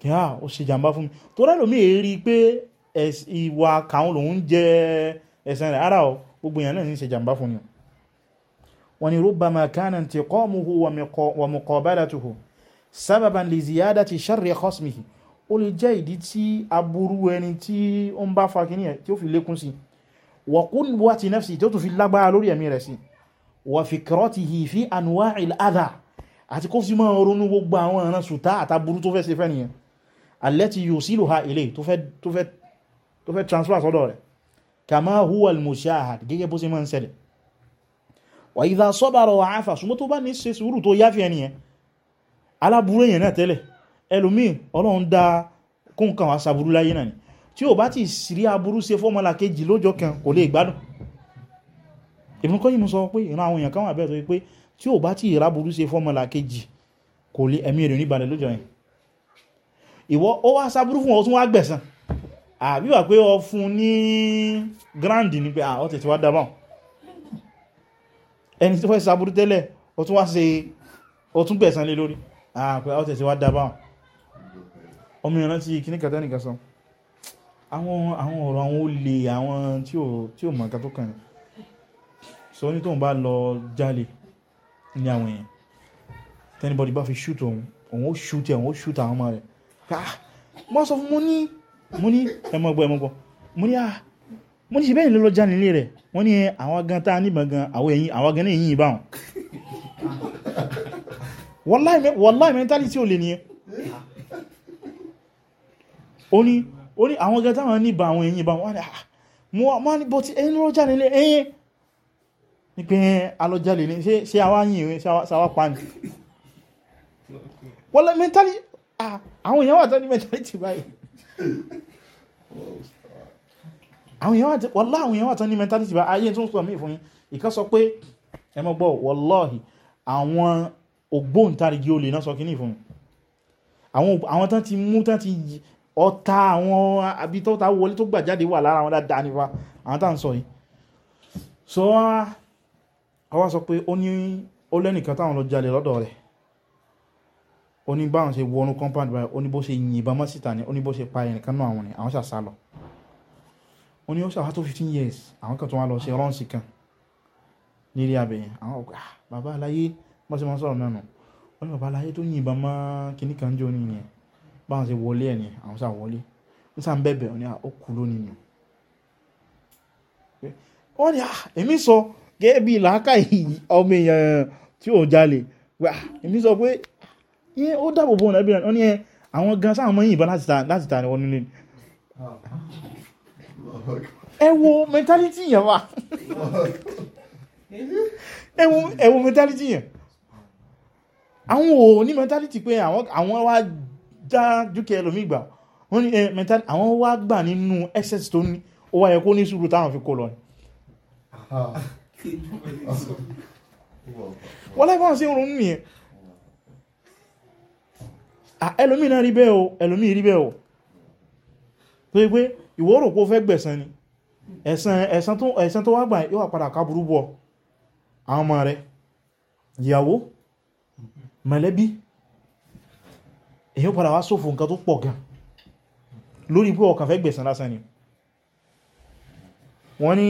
[SPEAKER 1] kí á ó ṣe jàmbá fún mi tó rẹ́ lómi èrí pé ìwà kàún lòun jẹ́ ẹ̀sẹ̀ rẹ̀ ara ọ gbogbo èèyàn náà ní ṣe jàmbá fún ni o wọ́n ní rubbama kana intiqamuhu wa muqabalatuhu sababan li ziyadati sharri khasmihi ó lè jẹ́ ìdí tí aburú ẹni tí ó ń bá fa kìíní ẹ̀ tí ó fi lékún sí wa quwwati nafsi tí ó tún fi lágbára lórí ẹ̀mí rẹ̀ sí wa fikratihi fi anwa'il adha àti kó sì máa ronú gbogbo àwọn ọ̀ràn sùtá àtàbúrú tó fẹ́ ṣe fẹ́ nìyẹn allati yusiluha ilay tó fẹ́ transfer sọ́dọ̀ rẹ̀ kama huwa al-mushahad bó sì máa ń ṣẹlẹ̀ wà ìdá sọ́bàrọ̀ wà áfà súnmọ́ tó bá ní ṣe sùúrù tó yáfẹ́ ẹni yẹn aláburú èyàn náà tẹ́lẹ̀ ẹlòmíì ọlọ́run dá kóǹkan wà sàbúrú láyé náà ni tí ó bá ti sírí aburú ṣe fọ́mọ́lá kejì lọ́jọ́ kan kò lè gbádùn Ibn Qayyim sọ pé ìran àwọn èèyàn kan wà bẹ́ẹ̀ tó pé tí ó bá ti ìraburú ṣe fọ́mọ́lá kejì kò ẹni tó fẹ́ sàbúrú tẹ́lẹ̀ ó tún wá ṣe ó tún gbẹ̀san lé lórí àpẹ àwọn tẹ̀sí wá dábà ọmọ ìran ti kí ní kàtà nìkan sọ àwọn àwọn ọ̀rọ̀ àwọn olè àwọn tí ò mọ̀ nǹkan tó kàn ní sọ ní tóun bá lọ jalè ní àwọn èèyàn tẹ́nibọ́dì bá fi ṣúùtù òun ó ṣúùtù òun ó ṣúùtù àwọn ọmọ rẹ̀ mọ́ sọ fún mo ní ẹmọ́gbọ́ ẹmọ́gbọ́ mo ní à mo ní ṣe bẹ́ẹ̀ lọ́lọ́ já nílé rẹ̀ wọ́n ní àwọn gan tá níbọn gan àwọn gan yìnyìn bá wọn wallahi mentality ò lè ní ó ní àwọn gan táwọn níbọn àwọn yìnyìn bá wọn wọ́n ní bọ́tí ah, ẹni lọ́lọ́ já nílé ẹyìn ní pé alọ́jálè ní ṣe àwáyìn ìwé ṣàwá pàánì wallahi mentality ah, àwọn èèyàn wà ní mentality báyìí àwọn èèyàn wà tán ní mentality bá ayé tó ń sọ mí fún yín ìkan sọ pé ẹ mọ́ gbọ́ wallahi àwọn ògbóǹtarìgì olè náà sọ kíní fún àwọn tán ti mú tán ti ọta àwọn abitọ́ta wọlé tó gbà jáde wà lára wọn dáadáa nípa àwọn tán sọ yìí so wá sọ pé ó ní ó lẹ́nìkan táwọn lọ jalè lọ́dọ̀ rẹ̀ ó ní báwọn ṣe wọnú compound báyìí ó ní bó ṣe yìnbọn mọ́ síta ni ó ní bó ṣe pa ẹnìkan náà àwọn ni àwọn ṣàṣà lọ wọ́n ní ó ṣàwá tó 15 years àwọn kan tó wá lọ ṣe rọ́ǹsì kan nílé abẹ̀yìn àwọn ọ̀gá ah, bàbá aláyé bọ́n sí máa sọ̀rọ̀ náà nù wọ́n ní bàbá aláyé tó yìnbọn mọ́ kìíní kan jọ ní ìyẹn báwọn ṣe wọlé ẹ̀ ní àwọn sà wọlé ń sà ń bẹ̀bẹ̀ wọ́n ní ah, ó kú lónìí nù wọ́n ní ah, èmi sọ gẹ́gẹ́ bí làákà ọmọ èèyàn tí ò jalè èmi sọ pé yẹn ó dáàbò bo ẹbí rẹ̀ wọ́n ní àwọn gan sáwọn mọ́ yìnbọn láti ta ni wọ́n nílé ẹ wo mentality yẹn wà ẹ wo ẹ wo mentality yẹn àwọn ò ní mentality pé àwọn wá dá dúkìá ẹlòmíì gbà wọ́n ní mentality àwọn wá gbà nínú excess tó ní ó wáyẹ kó ní sùúrù táwọn fi kó lọ wọ́n láìpọ́n sí oòrùn nìyẹn ẹlòmíì náà rí bẹ́ẹ̀ o ẹlòmíì rí bẹ́ẹ̀ o tó pé ìwọ rò pé ó fẹ́ gbẹ̀san ni ẹ̀san tó wá gbà yóò padà káburú bọ̀ àwọn ọmọ rẹ̀ ìyàwó mẹ̀lẹ́bí èyí padà wá sófò nǹkan tó pọ̀ gan lórí pé ọkàn fẹ́ gbẹ̀san lásán ni wọ́n ni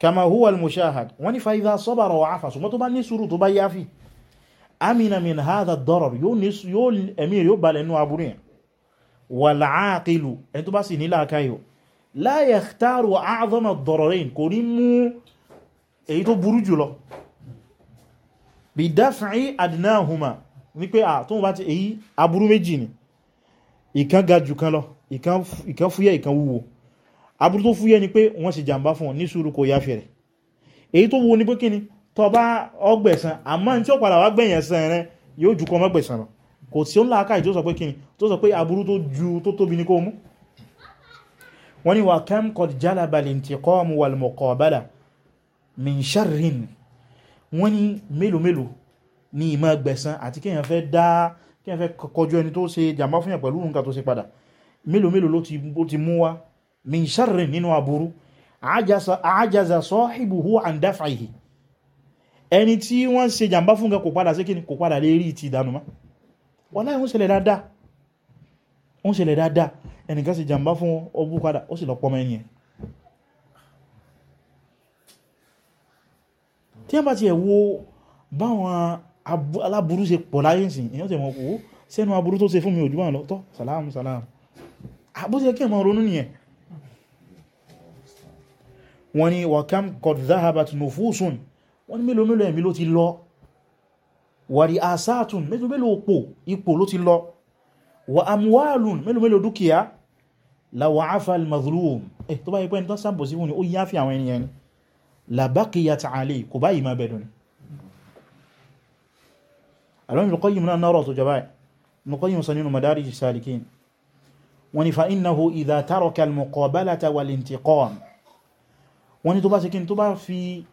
[SPEAKER 1] kama huwa al-mushahad wọ́n ni fa idha sabara wa afa ṣùgbọ́n tó bá ní sùúrù tó bá yáfi amina min hadha ad-darar yóò ẹ̀mí yóò balẹ̀ nínú aburú wàlàáàkìlù ẹni tó bá sì nílá akáyọ̀ la yakhtaru a'zama ad-dararayn kò ní mú èyí tó burú jùlọ bí daf'i adnahuma ní pé àtún bá ti èyí aburú méjì ni ìkan ga jù kan lọ ìkan fúyẹ́ ìkan wúwo aburú tó fúyẹ́ ni pé wọ́n sì jàmbá fún ní sùúrù kò yá fẹ̀rẹ̀ èyí tó wúwo ni pé kíni tó bá ọgbẹ̀san ní tí ó padà wá gbẹ̀yẹ̀san rẹ yóò jù kọ mọ́gbẹ̀san lọ kò sí ó ń láàkàí tó sọ pé kíni tó sọ pé aburú tó ju tó tóbi ní kó mú wọ́n ni wà kam qad jalaba al-intiqam wal-muqabala min sharrin wọ́n ni mélòó mélòó ni ìmọ̀ gbẹ̀san àti kíyàn fẹ́ dá kíyàn fẹ́ kọjú ẹni tó ṣe jàmbá fún yàn pẹ̀lú nǹkan tó ṣe tí wọ́n ṣe jàmbá fún nǹkan padà sí kíni kò padà lè rí ti ìdánumá wọ́n láì ń ṣẹlẹ̀ dáadáa ń ṣẹlẹ̀ dáadáa ẹnìkan sì jàmbá fún ọbú padà ó sì lọ́pọ̀ mẹ́yìn tí wọ́n bá ti ẹ̀ wo báwọn aláburú ṣe pọ̀ láyé sí èyàn tẹ̀ mọ̀ kó sẹ́nu aburú tó ṣe fún mi ojú bá lọ́tọ́ sàlámù sàlámù àbúṣe kí wàrí asátùn mélòó mélòó òpò ipò ló ti lọ wà amwalun mélòó mélòó dúkìá lawa afal mazlum eh tó bá yẹ pé ẹni tán sábò sí wọn ni ó yá fi àwọn ènìyàn ni labakiyat ali kò báyìí máa bẹ̀dùn ni alọ́nà ìlúkọ́yìn náà náà rọ̀ tó bá ṣe kí n tó bá fi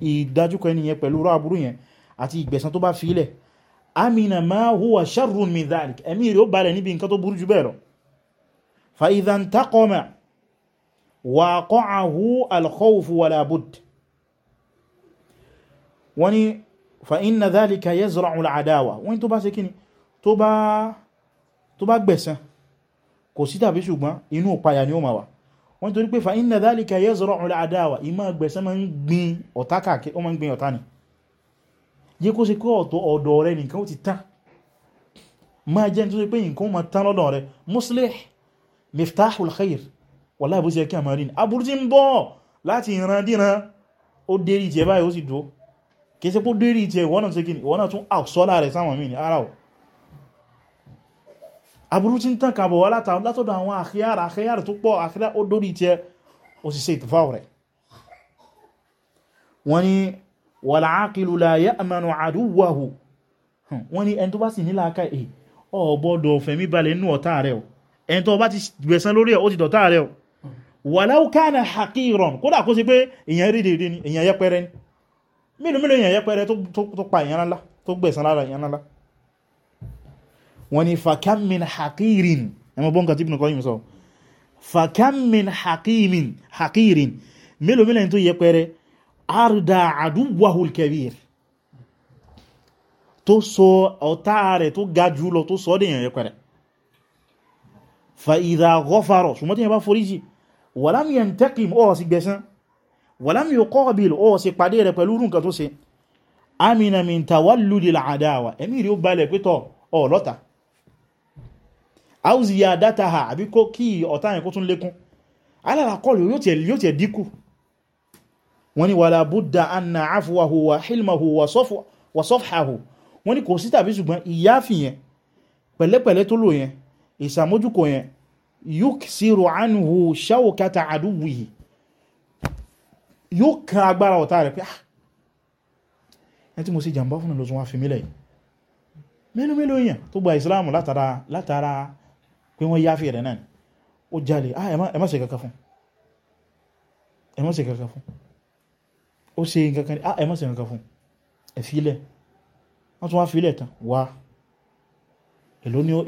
[SPEAKER 1] ìdájúkọ ẹni pẹ̀lú rọ aburú yẹn àti ìgbẹ̀san tó bá fi ilẹ̀ amina ma huwa sharrun min dhalik ẹ̀mí rẹ̀ ó balẹ̀ níbi nǹkan tó burú jù bẹ́ẹ̀ lọ fa idha intaqama waqa'ahu al-khawf wala bud wọ́n ni fa inna dhalika yazra'u al-adawa wọ́n tó bá ṣe kíni tó bá gbẹ̀san kò sí tàbí ṣùgbọ́n inú ìpayà ni ó ma wà wọ́n torí pé fa inna dhalika yazra'u al-adawa ìmá gbẹ̀san ma ń gbin ọ̀tá ni yẹ kó ṣe pé ọ̀tọ̀ ọ̀dọ̀ rẹ nìkan ó ti tán máa jẹ́ tó ṣe pé nǹkan ma tán lọ́dọ̀ rẹ muslih miftahul khair wallahi bó ṣe kí a máa rí ní aburú ti ń bọ́ láti ìran díran ó dérí jẹ báyìí ó sì dúó kìí ṣe pó dérí jẹ ìwọ́nà tó kíni ìwọ́nà tún àṣọ́lá rẹ̀ sáwọn mí ní ara ọ̀ aburú ti ń tàn kàbọ̀ wá látọ̀dọ̀ àwọn àkíyàrá àkíyàrá tó pọ̀ àkíyàrá ó dórí jẹ ó sì ṣe ìtìfà rẹ̀ wọ́n ni wal-aqilu la ya'manu aduwwahu wọ́n ní ẹni tó bá sì ní làákàyè ò eh, gbọ́dọ̀ fẹ̀mí balẹ̀ nínú ọ̀tá rẹ̀ o ẹni tó bá ti gbẹ̀san lórí ẹ̀ ó ti dọ̀tá rẹ̀ o walau kana haqiran kódà kó sí pé èèyàn rí dèrè ni èèyàn yẹpẹrẹ ni mélòó mélòó èèyàn yẹpẹrẹ tó pa èèyàn ńlá tó gbẹ̀san lára èèyàn ńlá wọ́n ní fakam min haqirin ẹmọ bọ́nkà tí Ibn Qayyim sọ fakam min haqimin haqirin mélòó tó yẹpẹrẹ àrùdà àdúwàhùl kabir tó sọ ọ̀tá rẹ̀ tó ga jùlọ tó sọ dẹ̀yàn yẹpẹ̀rẹ̀ fa idha ghafara ṣùgbọ́n tí yẹn bá foríjì walam yantaqim ó sì gbẹ̀san walam yuqabil ó sì pàdé rẹ̀ pẹ̀lú rúnkà tó ṣe amina min tawalludil adawa ẹ̀mí rí ó balẹ̀ pẹ́tọ̀ ọ̀lọ́ta áùzìyà dátàhà àbíkó kí ọ̀tá yẹn kó tún lékún alárakọ́lù yóò tẹ̀ díkù wọ́n ní wàlá budda anna afuwahu wa hilmahu wa sofhahu wọ́n ní kò sí tàbí ṣùgbọ́n ìyáfì yẹn pẹ̀lẹ́pẹ̀lẹ́ tó lò yẹn ìsàmójúkọ yẹn yuksiru anhu shawkata aduwihi yóò kan agbára ọ̀tá rẹ̀ pé ah ẹni tí fún ó ṣe nǹkan kan ní ah ẹ má ṣe nǹkan fún ẹ̀fílẹ̀ wọ́n tún wá fílẹ̀ tán wá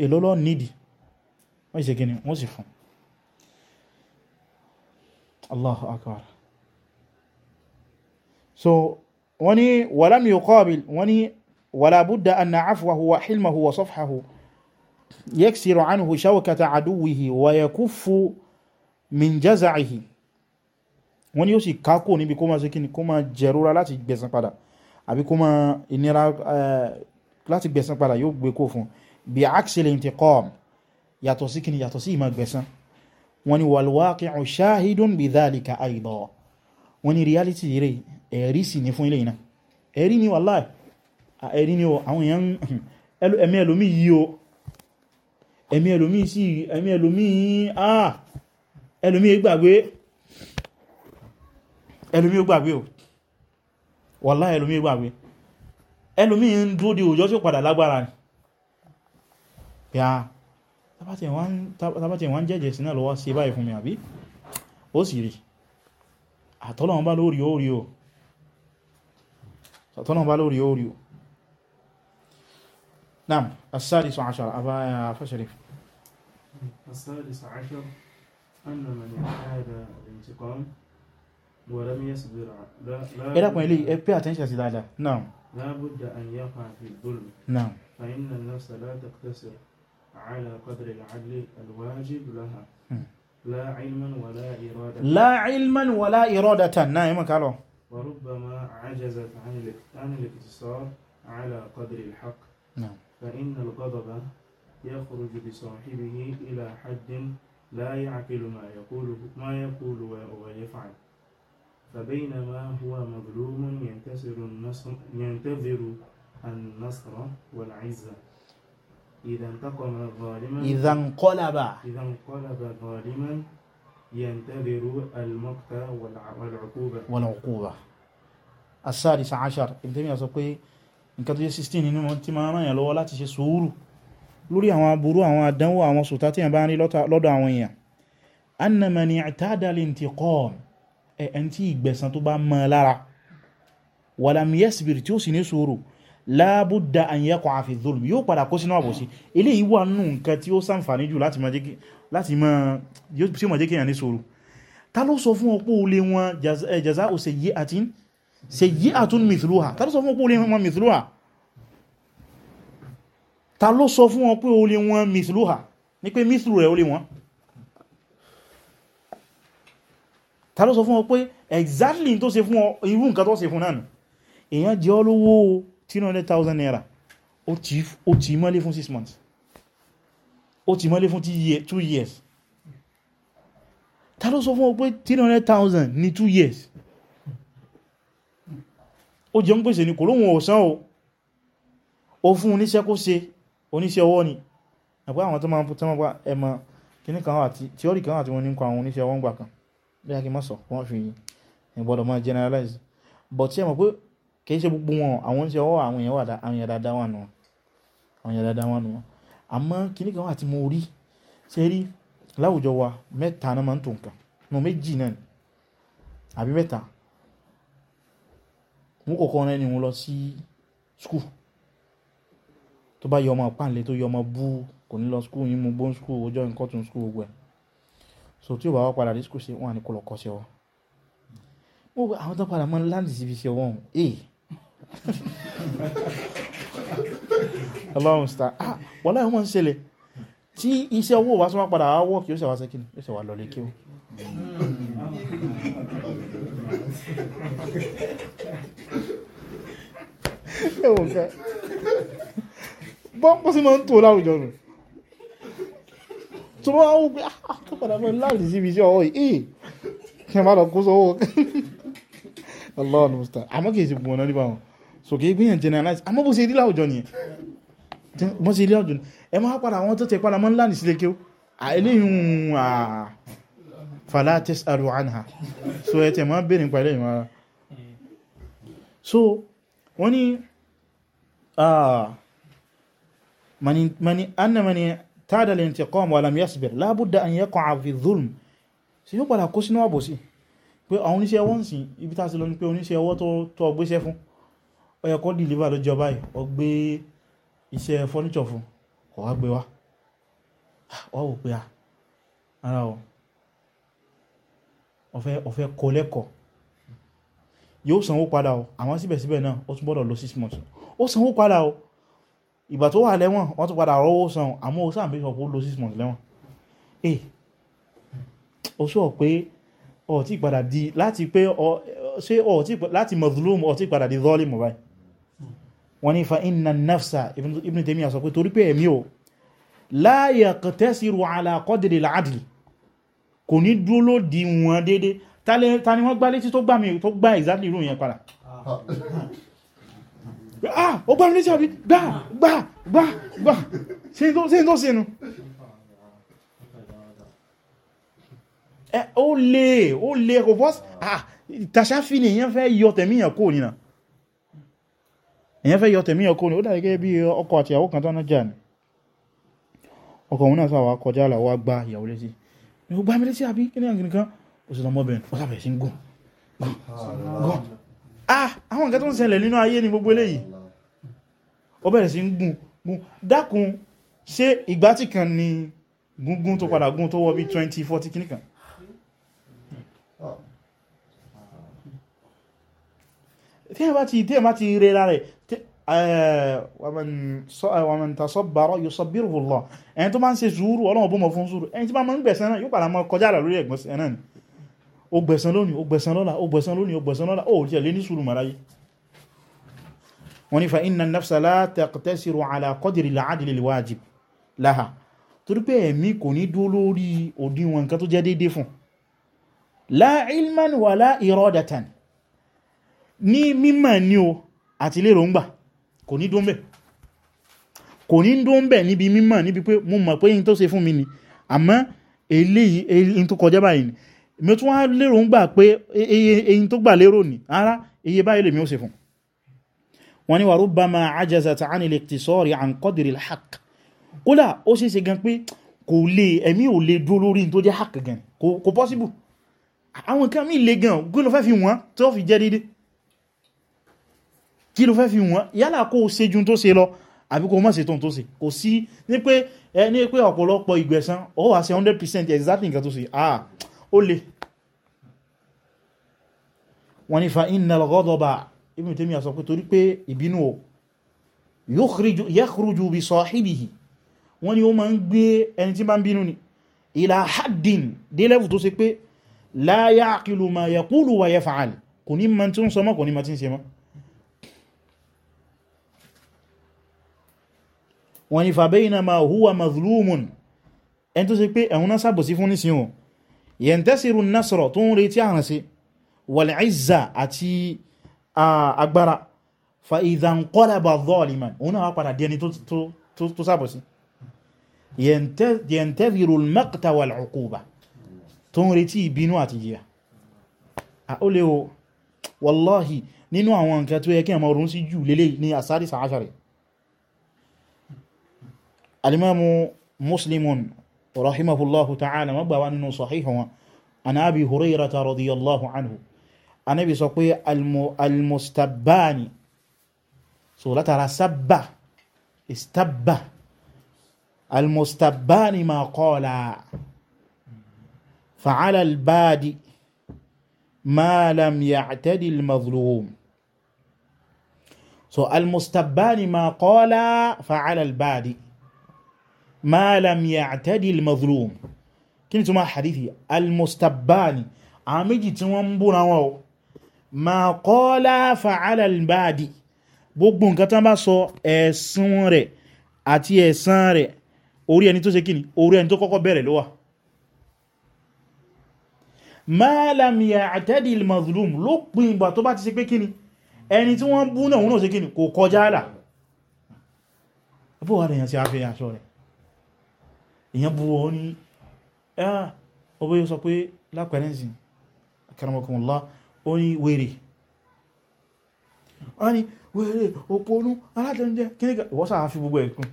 [SPEAKER 1] èló lọ nídìí wọ́n ṣe gini wọ́n sì fún Allahu akbar so wọ́n ni walam yuqabil wọ́n ni wala budda anna afwahu wa hilmahu wa safhahu yaksiru anhu shawkata aduwihi wa yakuffu min jaza'ihi wọ́n ni ó sì kákò níbi kó máa ṣe kí ni kó máa jẹ̀rora láti gbẹ̀san padà àbí kó máa ìnira eh, láti gbẹ̀san padà yóò gbé kó fún bí axel intiqam yàtọ̀ sí kí ni yàtọ̀ sí ìmá gbẹ̀san wọ́n ni wal waqi'u shahidun ẹlòmí ó gbàgbé o wàlá ẹlòmí gbàgbé ẹlòmí ń dúró di ọjọ́ tí ó padà lágbára ni yà tàbátí wọ́n jẹ́jẹ̀ sí lọ́wọ́ sí báyìí fún mi àbí ó sì rí àtọ́lọ́wọ́n bá lórí o o naam as-sadis ashar abáyà fẹ́ṣẹ̀rẹ̀
[SPEAKER 3] as أن من الانتقام ولم يصبر لا لا إلا إيه
[SPEAKER 1] إيه، pay attention to that نعم
[SPEAKER 3] لا بد أن يقع في الظلم نعم فإن النفس لا تقتصر على قدر العدل الواجب لها لا علما ولا إرادة لا علما
[SPEAKER 1] ولا إرادة نعم كالو
[SPEAKER 3] وربما عجزت عن عن الاقتصار على قدر الحق نعم فإن الغضب يخرج بصاحبه إلى حد
[SPEAKER 1] لا يعقل ما يقوله ما يقول ويفعل فبينما هو مظلوم ينتصر النصر ينتظر النصر والعزة إذا انتقم ظالما إذا انقلب إذا انقلب ظالما ينتظر المقت والعقوبة والعقوبة السادس عشر ابتدي أسوي nkan tó jẹ́ 16 nínú ọmọ tí ma ń ràn yàn lọ́wọ́ láti ṣe sùúrù lórí àwọn aburú àwọn adánwò àwọn sùtá tí yàn bá ń rí lọ́dọ̀ àwọn èèyàn annamani ta'dalin ti kọ́ọ̀mù ẹn tí ìgbẹ̀san tó bá mọ́ lára walam yasbir tí ó sì ní sùúrù lábúdá an yaqa fi dhulm yóò padà kó sínú àbòsí eléyìí wà nù nǹkan tí ó sàǹfàní jù láti máa jẹ́ kíyàn ní sùúrù ta ló sọ fún ọpọ̀ olè wọn jaza'u sayyi'atin sayyi'atun mithluha ta ló sọ fún ọpọ̀ olè wọn mithluha ta ló sọ fún ọpọ̀ olè wọn mithluha ní pé mithlu rẹ̀ olè wọn ta ló sọ fún ọ pé exactly tó se fún ọ irú nǹkan tó ṣe fún náà èyàn jẹ́ olówó 300,000 naira ó ti mọ́lé fún 6 months ó ti mọ́lé fún 2 years ta ló sọ fún ọ pé 300,000 ní 2 years ó jẹun pèsè ní kò lóhun ọ̀sán o ó fún oníṣẹ́ kó ṣe oníṣẹ́ ọwọ́ ni ẹ̀pọ̀ àwọn tó máa ń pọ̀ tẹ́mọ̀ pa ẹ̀mọ̀ kìnnìkan àti tíọ́rì kan àti wọn ní nǹkan àwọn oníṣẹ́ ọwọ́ ń gbà kan bí a kì má sọ wọ́n fi ìgbọ́dọ̀ máa generalize but ṣe mọ̀ pé kìí ṣe gbogbo wọn àwọn ṣe ọwọ́ àwọn èèyàn wà àwọn èèyàn dáadáa wà nù àwọn èèyàn dáadáa wà nù àmọ́ kíní kan wà tí mo rí ṣe rí láwùjọ wa mẹ́ta náà máa ń tò nǹkan nù méjì náà ni àbí mẹ́ta mú kọ̀kọ́ rẹ̀ ni wọ́n lọ sí skul tó bá yọ ọmọ pàǹlẹ̀ tó yọ ọmọ bú kò ní lọ skul yín mo bó skul ọjọ́ nǹkan tó ń skul gbogbo so tí ó bá wá padà ní skúl sí wọn ni kò lọ kọ́ sí ọwọ́ mo gbé àwọn tó padà mọ́ láti síbi sí ọwọ́ ọ̀hún ee eh. ọlọ́run ah wọ́n láì wọ́n ń ṣẹlẹ̀ tí iṣẹ́ owó wá sọ́wọ́ padà wá wọ́ọ̀kì ó sẹ̀wá sẹ́kìn ó sẹ̀wá lọlé kí o ẹwọ̀n kẹ́ bọ́ sí máa ń tó láwùjọ nù tó bá wọ́n pé ah, tó padà mọ́ láàrín síbi iṣẹ́ ọwọ́ yìí kí n má lọ kó sọ́wọ́ ọlọ́run mr àmọ́ kìí sí gbọ́nà nípa wọn so kìí gbìyàn generalize àmọ́ bó ṣe rí láwùjọ nìyẹn bó ṣe rí láwùjọ nìyẹn ẹ máa padà wọn tó tẹ padà mọ́ láàrín sílé kí ó àìlẹ́yìn fàlá so ẹ tẹ̀ máa bèèrè nípa ilé ìmọ̀ ara so wọ́n ni mani anna mani tàdà lè tí kọ́ wà lámì yásìbẹ̀r lábúdá an yẹ́kọ̀ àfi zulm sí yóò padà kó sínú àbòsí pé àwọn oníṣẹ́ ọwọ́ nsìn ibi tá sí lọ ní pé oníṣẹ́ ọwọ́ tó ọgbéṣẹ́ fún ọyẹ kọ́ dìlíbà lójọ báyìí ọgbé iṣẹ́ fọ́níṣọ̀ fún ọwá gbé wá wá wò ìgbà tó wà lẹ́wọ̀n wọ́n tún padà rọ́wọ́ san àmọ́ ó sáà bíṣọ̀pù ó lo 6 months lẹ́wọ̀n eh ó sọ pé ó ti padà di láti pé ṣe ó ti láti mazlum ó ti padà di zọ́ọ̀lì mọ̀ báyìí wọ́n ní fa inna nafsa ibn Taymiyyah sọ pé torí pé ẹ̀mí o la yaqtasiru ah ó gbá mi létí àbí gbá gbá gbá gbá ṣe tó ṣe tó ṣe nù ó lè ó lè kò fọ́s ah tàṣáfí ni èyàn fẹ́ yọ tẹ̀míyàn kò nínà èyàn fẹ́ yọ tẹ̀míyàn kò ní ó dàrí gẹ́gẹ́ bí ọkọ àti ìyàwó kan tánà jà ní ọkọ òun náà sáwà kọjá àlàwà gbá ìyàwó létí ó gbá mi létí àbí kí ní àgbìnkan ó sì lọmọbìnrin ó sàbẹ̀ sí gùn gùn ah àwọn nǹkan tó ń ṣẹlẹ̀ nínú ayé ni gbogbo eléyìí ó bẹ̀rẹ̀ sí gún gún dákun ṣé ìgbà tí kan ni gúngún tó padà gún tó wọ́ bí 20 40 kìnnìkan tí ẹ bá ti tí ẹ bá ti rẹ̀ rẹ̀ eh, waman tasabbara yusabbiruhu Allah ẹni tó bá ń ṣe sùúrù Ọlọ́run bó mọ̀ fún sùúrù ẹni tí bá mọ́ ń gbẹ̀sán náà yóò padà mọ́ kọjá àlà lórí ẹ̀gbẹ̀sán náà ni ó gbẹ̀sán wọ́n ní fa inna nafsa la taqtasiru ala qadri al-adli al-wajib laha torí pé ẹ̀mí kò ní dúó lórí òdíwọ̀n nǹkan tó jẹ́ déédé fún la ilman wa la iradatan ní mímọ̀ ní o àti lérò ń kò ní dúó ń bẹ̀ kò ní dúó ń bẹ̀ níbi mímọ̀ níbi pé mo mọ̀ pé yín tó ṣe fún mi ni àmọ́ eléyìí tó kọjá báyìí mi tún wá lérò ń gbà pé eyín e, e, e, tó gbà lérò ni ara eye báyìí lèmi ó ṣe fún wọ́n ní wà rubbama ajazat an al-iqtisari an qadri al-haqq kódà ó sì ṣe gan pé kò lè ẹ̀mí ò lè dúró lórí tó jẹ́ haqq gan kò possible àwọn nǹkan mí le gan kí ló fẹ́ fi wọ́n tó fi jẹ́ dédé kí ló fẹ́ fi wọ́n yálà kó ṣe jù tó ṣe lọ àbí kó mọ́ ṣe tóun tó ṣe kò sí ní pé ẹ pé ọ̀pọ̀lọpọ̀ ìgbẹ̀san ó wà sí 100% exactly nǹkan tó ṣe ah ó le wọ́n ní fa innal ghadaba Ibn Taymiyyah sọ pé torí pé ìbínú o yakhruju bi sahibihi wọ́n ni ó ma ń gbé ẹni tí bá ń bínú ni ila haddin dé level tó ṣe pé la ya'qilu ma yaqulu wa yaf'al kò ní ma tí ń sọ kò ní ma tí ń ṣe mọ́ wọ́n ni agbára fa idhan qalaba zaliman òun náà wá padà di ẹni tó sábọ̀ sí yantaziru al-maqta wal-uquba tó ń retí ìbínú àti jìyà ó lè o wallahi nínú àwọn nǹkan tó yẹ kí àmọ́ orun sí jù lélẹ̀ ní àsáàrí sàáṣàrí alimamu muslimun rahimahullahu ta'ala magbàwa nínú sahih wọn an abi hurairata radiyallahu anhu anábì sọ pé almustabani so látara sabba istabba almustabani ma qala fa'ala albadi ma lam ya'tadi almazlum so almustabani ma qala fa'ala albadi ma lam ya'tadi almazlum kin tuma hadithi almustabani amiji méjì tí wọ́n ń búra wọn o ma qala fa'ala al-badi gbogbo nǹkan tán bá sọ ẹ̀sùn rẹ̀ àti ẹ̀san rẹ̀ orí ẹni tó ṣe kíni orí ẹni tó kọ́kọ́ bẹ̀rẹ̀ ló wà ma lam ya'tadi al-mazlum ló pin ìgbà tó bá ti ṣe pé kíni ẹni tí wọ́n bú náà wọ́n ṣe kíni kò kọjá àlà bó oní wèrè wọ́n ni wèrè òpónú alátẹ́njẹ́ kíníkà wọ́sà àfi gbogbo ẹ̀kùn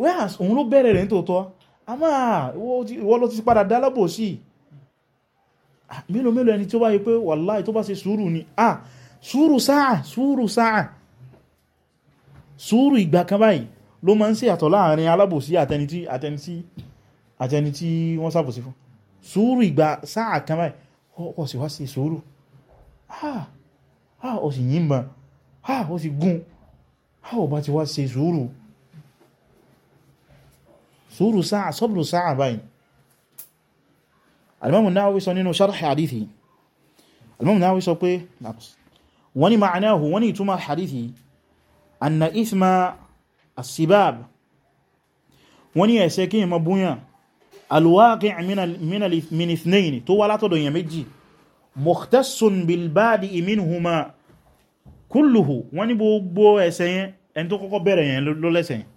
[SPEAKER 1] whereas òun ló bẹ̀rẹ̀ rẹ̀ ní tòótọ́ a máa wọ́n ló ti padà dálábò sí ah, mélòó mélòó ẹni tí ó bá yí pé wàláì tó bá ṣe sùúrù ni a ah, sùúrù sáà sùúrù sáà sùúrù ìgbà kan báyìí ló máa ń ṣe àtọ̀ láàrin alábòsí àtẹni tí wọ́n ṣàbòsí fún sùúrù ìgbà sáà kan báyìí ó sì wá sí sùúrù ah ah ó sì yìnbọn ah ó sì gún ah ó bá ti wá sí sùúrù sùúrù sáà sọ́bùrù sáà báyìí alimamu Nawawi sọ nínú sharhi hadithi alimamu Nawawi sọ pé wani ma'anahu wani ìtumọ̀ hadithi anna isma asibab wani ẹ̀ṣẹ̀ kí ma búyàn alwaqi' min ithnayn tó wá látọ̀dọ̀ èèyàn méjì mukhtassun bilbadi minhuma kulluhu wọ́n ní gbogbo ẹ̀ṣẹ̀ yẹn ẹni tó kọ́kọ́ bẹ̀rẹ̀ yẹn ló lẹ́ṣẹ̀ yẹn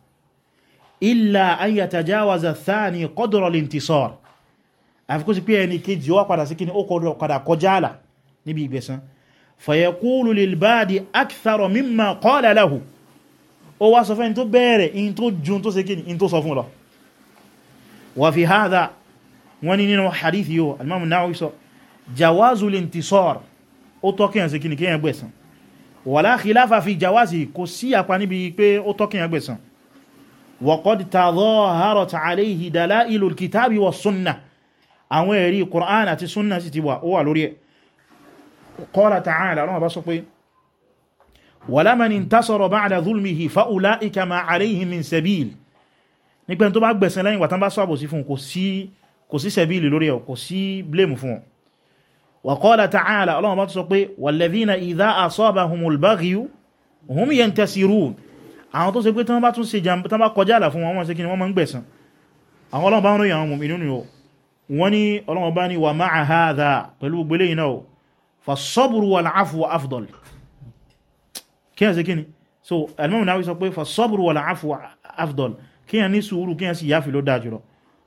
[SPEAKER 1] illa an yatajawaza thani qadra al-intisar àfikún sí pé ẹni kejì ó padà sí kí ni ó padà kọjá àlà níbi ìgbẹ̀san fayaqulu lilbadi akthara mimma qala lahu ó wá in tó jun tó ṣe kí in tó sọ fún lọ وفي هذا ونين وحديث يو المام النووي سو جواز الانتصار ó tọ́ kíyàn ṣe kíni kíyàn gbẹ̀san wala khilafa fi jawazi kò sí àpá níbi pé ó tọ́ kíyàn gbẹ̀san wa qad tadhaharat alayhi dalailul kitabi was sunnah àwọn ẹ̀rí Qur'an àti sunna sì ti wà ó wà lórí ẹ̀ qala ta'ala Allah bá sọ pé walaman intasara ba'da dhulmihi fa ulaika ma alayhim min sabil nígbẹ́ni tó bá gbẹ̀sán lẹ́yìn wàtán bá sọ́bọ̀ sí fún kò sí sẹ̀bílì lórí ẹ̀ kò sí blame fún wa qala ta'ala ọlọ́wọ́n bá tó sọ pé walladhina idha asabahumul baghyu hum yantasirun àwọn tó ṣe pé tán bá tún ṣe jàm tán bá kọjá àlà fún wọn wọ́n ṣe kí ni wọ́n máa ń gbẹ̀sán àwọn afdal kí ẹ̀ kí ni so al-Imam Nawawi sọ pé fasabru wal afwu afdal kíyàn ní sùúrù kíyàn sì yáfi ló dáa jùlọ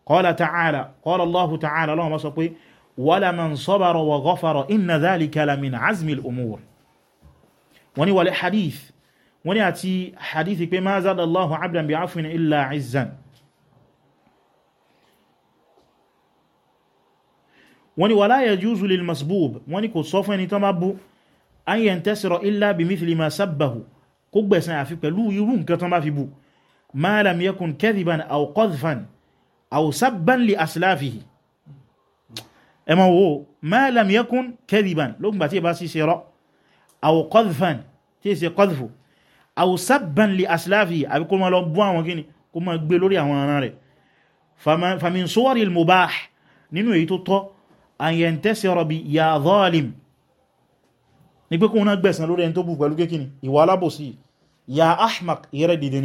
[SPEAKER 1] qala ta'ala qala Allahu ta'ala lọ́wọ́ ma sọ pé wala man sabara wa ghafara inna dhalika la min azmi al-umur wọ́n ni wal hadith wọ́n ni àti hadith pé ma zada Allahu abdan bi afwin illa izzan wọ́n ni wala yajuzu lil masbub wọ́n kò sọ fún tán bá bú an yantasira illa bi mithli ma sabbahu kó gbẹ̀san àfi pẹ̀lú irú nǹkan tán bá fi bú ma lam yakun kadhiban aw qadhfan aw sabban li aslafihi ẹ ma wo ma lam yakun kadhiban lókùnbà tí ẹ bá sí ṣe rọ́ aw qadhfan tí ẹ ṣe qadhfu aw sabban li aslafihi àbí kó ma lọ bú àwọn kíni kó ma gbé lórí àwọn ara rẹ̀ famin suwari al-mubah nínú èyí tó an yantasira bi ya zalim ní pé kó wọn gbẹ̀san lórí ẹni tó bú pẹ̀lú kékini ìwà alábòsí ya ahmaq ìrẹ́ dìde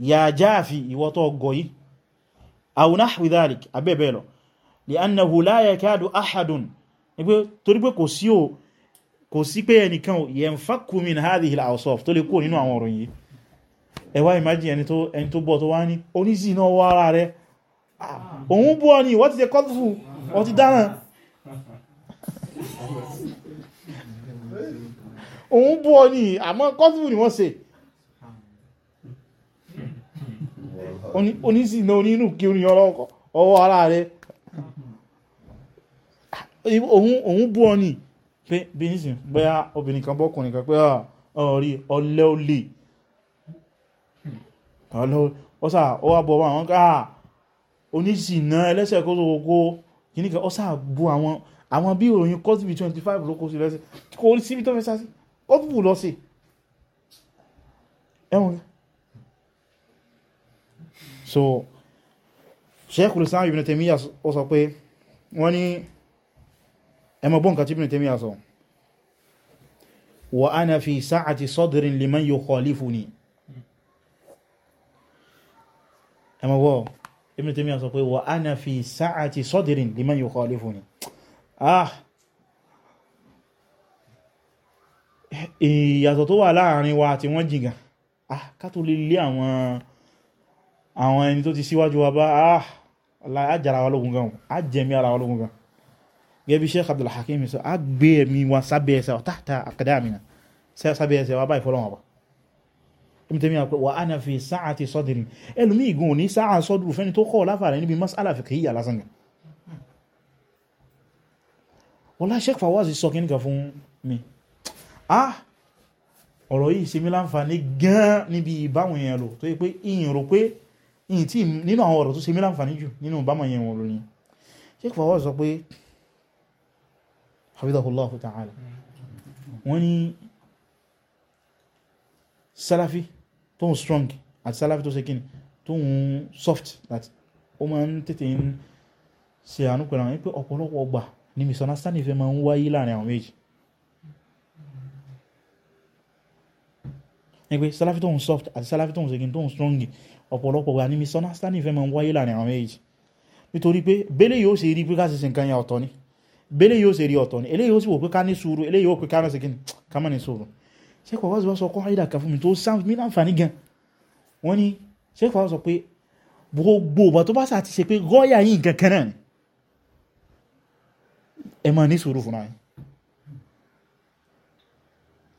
[SPEAKER 1] ya jáàfi ìwọ tó gọ̀yí aw nahwi dhalik abẹ́bẹ̀ lọ li'annahu la yakadu ahadun torí pé kò sí o kò sí pé ẹnìkan yanfakku min hadhihi al-awsaf tó lè kó nínú àwọn ọ̀rọ̀ yìí ẹ wá imagine ẹni tó ẹni tó bọ́ tó wá ní oníṣì náà wá ara rẹ̀ òun bú ọ wọ́n ti ṣe kọ́tùfù wọ́n ti dáná òun bú ọ àmọ́ kọ́tùfù ni wọ́n ṣe onísìnà onínú kí orin ọlọ́kọ̀ ọwọ́ ara rẹ̀ òun bú ọ ní bínísìn bóyá obìnrin kan bọ́kùnrin kan pé ọ̀rí ọlẹ́ olè ọ̀sà ọwà bọ̀ wọn káà onísìnà ẹlẹ́sẹ̀ kó tó kó kìníkà ọ̀sà bú àwọn àwọn bí ìròyìn cosby 25 ló kó sí lẹ́sẹ̀ kò sí bí tó fẹ́ sá sí cosby lọ sí ẹ̀wọ̀n so sheikh ulusan ibn Taymiyyah ó sọ pé wọ́n ní ẹmọ̀gbọ́n nǹkan tí ibn Taymiyyah sọ wa ana fi sa'ati sadrin liman yukhalifuni ẹmọ̀gbọ́ ibn Taymiyyah sọ pé wa ana fi sa'ati sadrin liman yukhalifuni ah ìyàtọ̀ tó wà láàrin wa àti wọ́n jìgàn ah ká tó lè lé àwọn àwọn ẹni tó ti síwájú wa bá àjára ah, wa lógun gan ajẹ́mí ara wa lógun gan gẹ́bí Sheikh Abdul Hakim sọ a gbé ẹ̀mí wa sábẹ́ ẹsẹ̀ tahta aqdamina sábẹ́ ẹsẹ̀ wa báyìí fọ́lọ́wọ́n wa ibi tẹ́mi àpẹ wa ana fi sa'ati sadri ẹlùmí ìgùn ní sáà sọ́dúrù fẹ́ni tó kọ́ láfààrẹ níbi mas'ala fiqhiyya lásán gan wọ́lá Sheikh Fawaz sọ kí nìkan fún mi ah ọ̀rọ̀ yìí ṣe mí láǹfààní gan níbi ìbáwọn èèyàn lò tó yẹ pé ìyìn rò pé yìí tí nínú àwọn ọ̀rọ̀ tó ṣe mí láǹfààní jù nínú bámọ̀ yẹn wọn lónìí Sheikh Fawaz sọ pé hafidhahullahu ta'ala wọ́n ní salafi tó ń strong àti salafi tó sekin, kíni tó ń soft that ó máa ń tètè ń ṣe àánú pẹ̀lú àwọn pé ọ̀pọ̀lọpọ̀ ọgbà ni misunderstanding fẹ́ máa ń wáyé láàrin àwọn méjì ní pé sálàfí tóun soft àti sálàfí tóun segin tóun strong ọ̀pọ̀lọpọ̀ wà ní misunderstanding fẹ́ máa ń wáyé láàrin àwọn èyí nítorí pé bẹ́lẹ̀ yóò ṣe rí pé ká ṣiṣẹ́ nǹkan yẹn ọ̀tọ̀ ni bẹ́lẹ̀ yóò ṣe rí ọ̀tọ̀ ni eléyìí ó sì wò pé ká ní sùúrù eléyìí ó pé ká ránṣẹ́ kíni ká má ní sùúrù ṣé kò wá sọ kọ́ àyídà kan fún mi tó sáǹfì mí láǹfààní gan wọ́n ní ṣé kò wá sọ pé gbogbo ọba tó bá sà ti ṣe pé gọ́ọ̀yà yìí nǹkan kan náà ni ẹ máa ní sùúrù fúnra yìí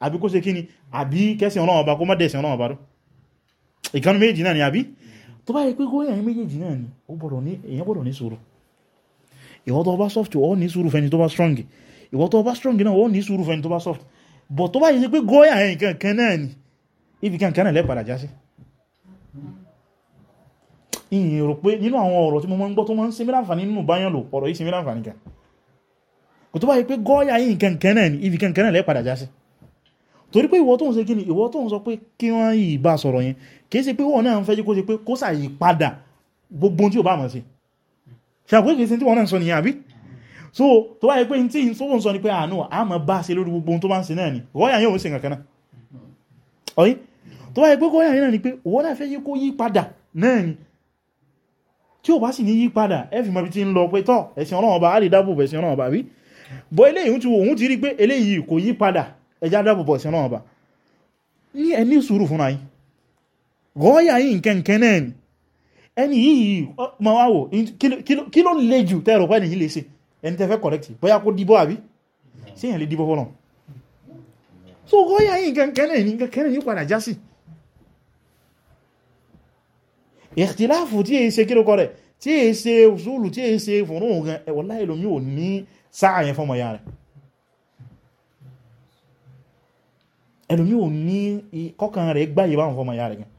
[SPEAKER 1] àbí kó ṣe kí ni àbí kẹsìn ọlọ́wọ́ bá kó mọ́ dẹ̀sìn ọlọ́wọ́ bá rú ìkanu méjì náà ni àbí tó bá yẹ pé góyà yẹn méjèèjì náà ni èyàn gbọ́dọ̀ ní sùúrù ìwọ tó bá soft ó ní sùúrù fẹni tó bá strong ìwọ tó bá strong náà ó ní sùúrù fẹni tó bá soft but tó bá yẹ pé góyà yẹn kankan náà ni ibi kankan náà lẹ́pàdà já sí ìyìn rò pé nínú àwọn ọ̀rọ̀ tí mo máa ń gbọ́ tó máa ń ṣe mí láǹfààní nínú báyàn lò ọ̀rọ̀ yìí ṣe láǹfààní kan kò tó bá yẹ pé góyà yẹn kankan náà ni ibi kankan náà lẹ́pàdà já sí torí pé ìwọ tó ń ṣe kíni ìwọ tó ń sọ pé kí wọ́n yìí bá sọ̀rọ̀ yẹn kìí ṣe pé wọ́n náà ń fẹ́ jí kó ṣe pé kó sàyí padà gbogbo tí ó bá mọ̀ sí ṣàpé tí so tó wáyé pé tí ń sọ́wọ́n sọ ni pé àánú ah, àmọ́ bá ṣe lórí gbogbo tó bá ń ṣe náà ni wọ́yà yóò ni pé wọ́n náà fẹ́ yí kó yí padà náà ni tí ó bá sì ní yí padà ẹ fi mọ̀bí tí ń lọ pé tọ́ ẹ̀sìn ọlọ́run ọba á lè dábò ẹ̀sìn ọlọ́run ọba bí bọ́ eléyìí òun ti rí pé eléyìí kò yí padà ẹjá dábòbò ẹ̀sìn náà bá ní ẹni sùúrù fún ayín gọ́ọ̀yà yìí nkẹ́nkẹ́ náà ni ẹni yìí ma wá wò kí ló lè jù tẹ́rọ pẹ́ nìyí lè ṣe ẹni tẹ́fẹ́ kọ̀rẹ́kì bóyá kó dìbò àbí sí èyàn lè dìbò fọ́lọ̀ so gọ́ọ̀yà yìí nkẹ́nkẹ́ náà ni nkẹ́nkẹ́ náà ni padà já sí ìhtìláàfù tí èyí ṣe kí ló kọ̀rẹ̀ tí èyí ṣe usulu tí èyí ṣe fòrónù gan ẹ̀wọ̀lá ìlòmí ò ní sáà yẹn fọ́mọ̀ ya rẹ̀ ẹlòmí ò ní kọ́kàn rẹ̀ gbáyé báwọn fọmọ ìyá rẹ̀ gan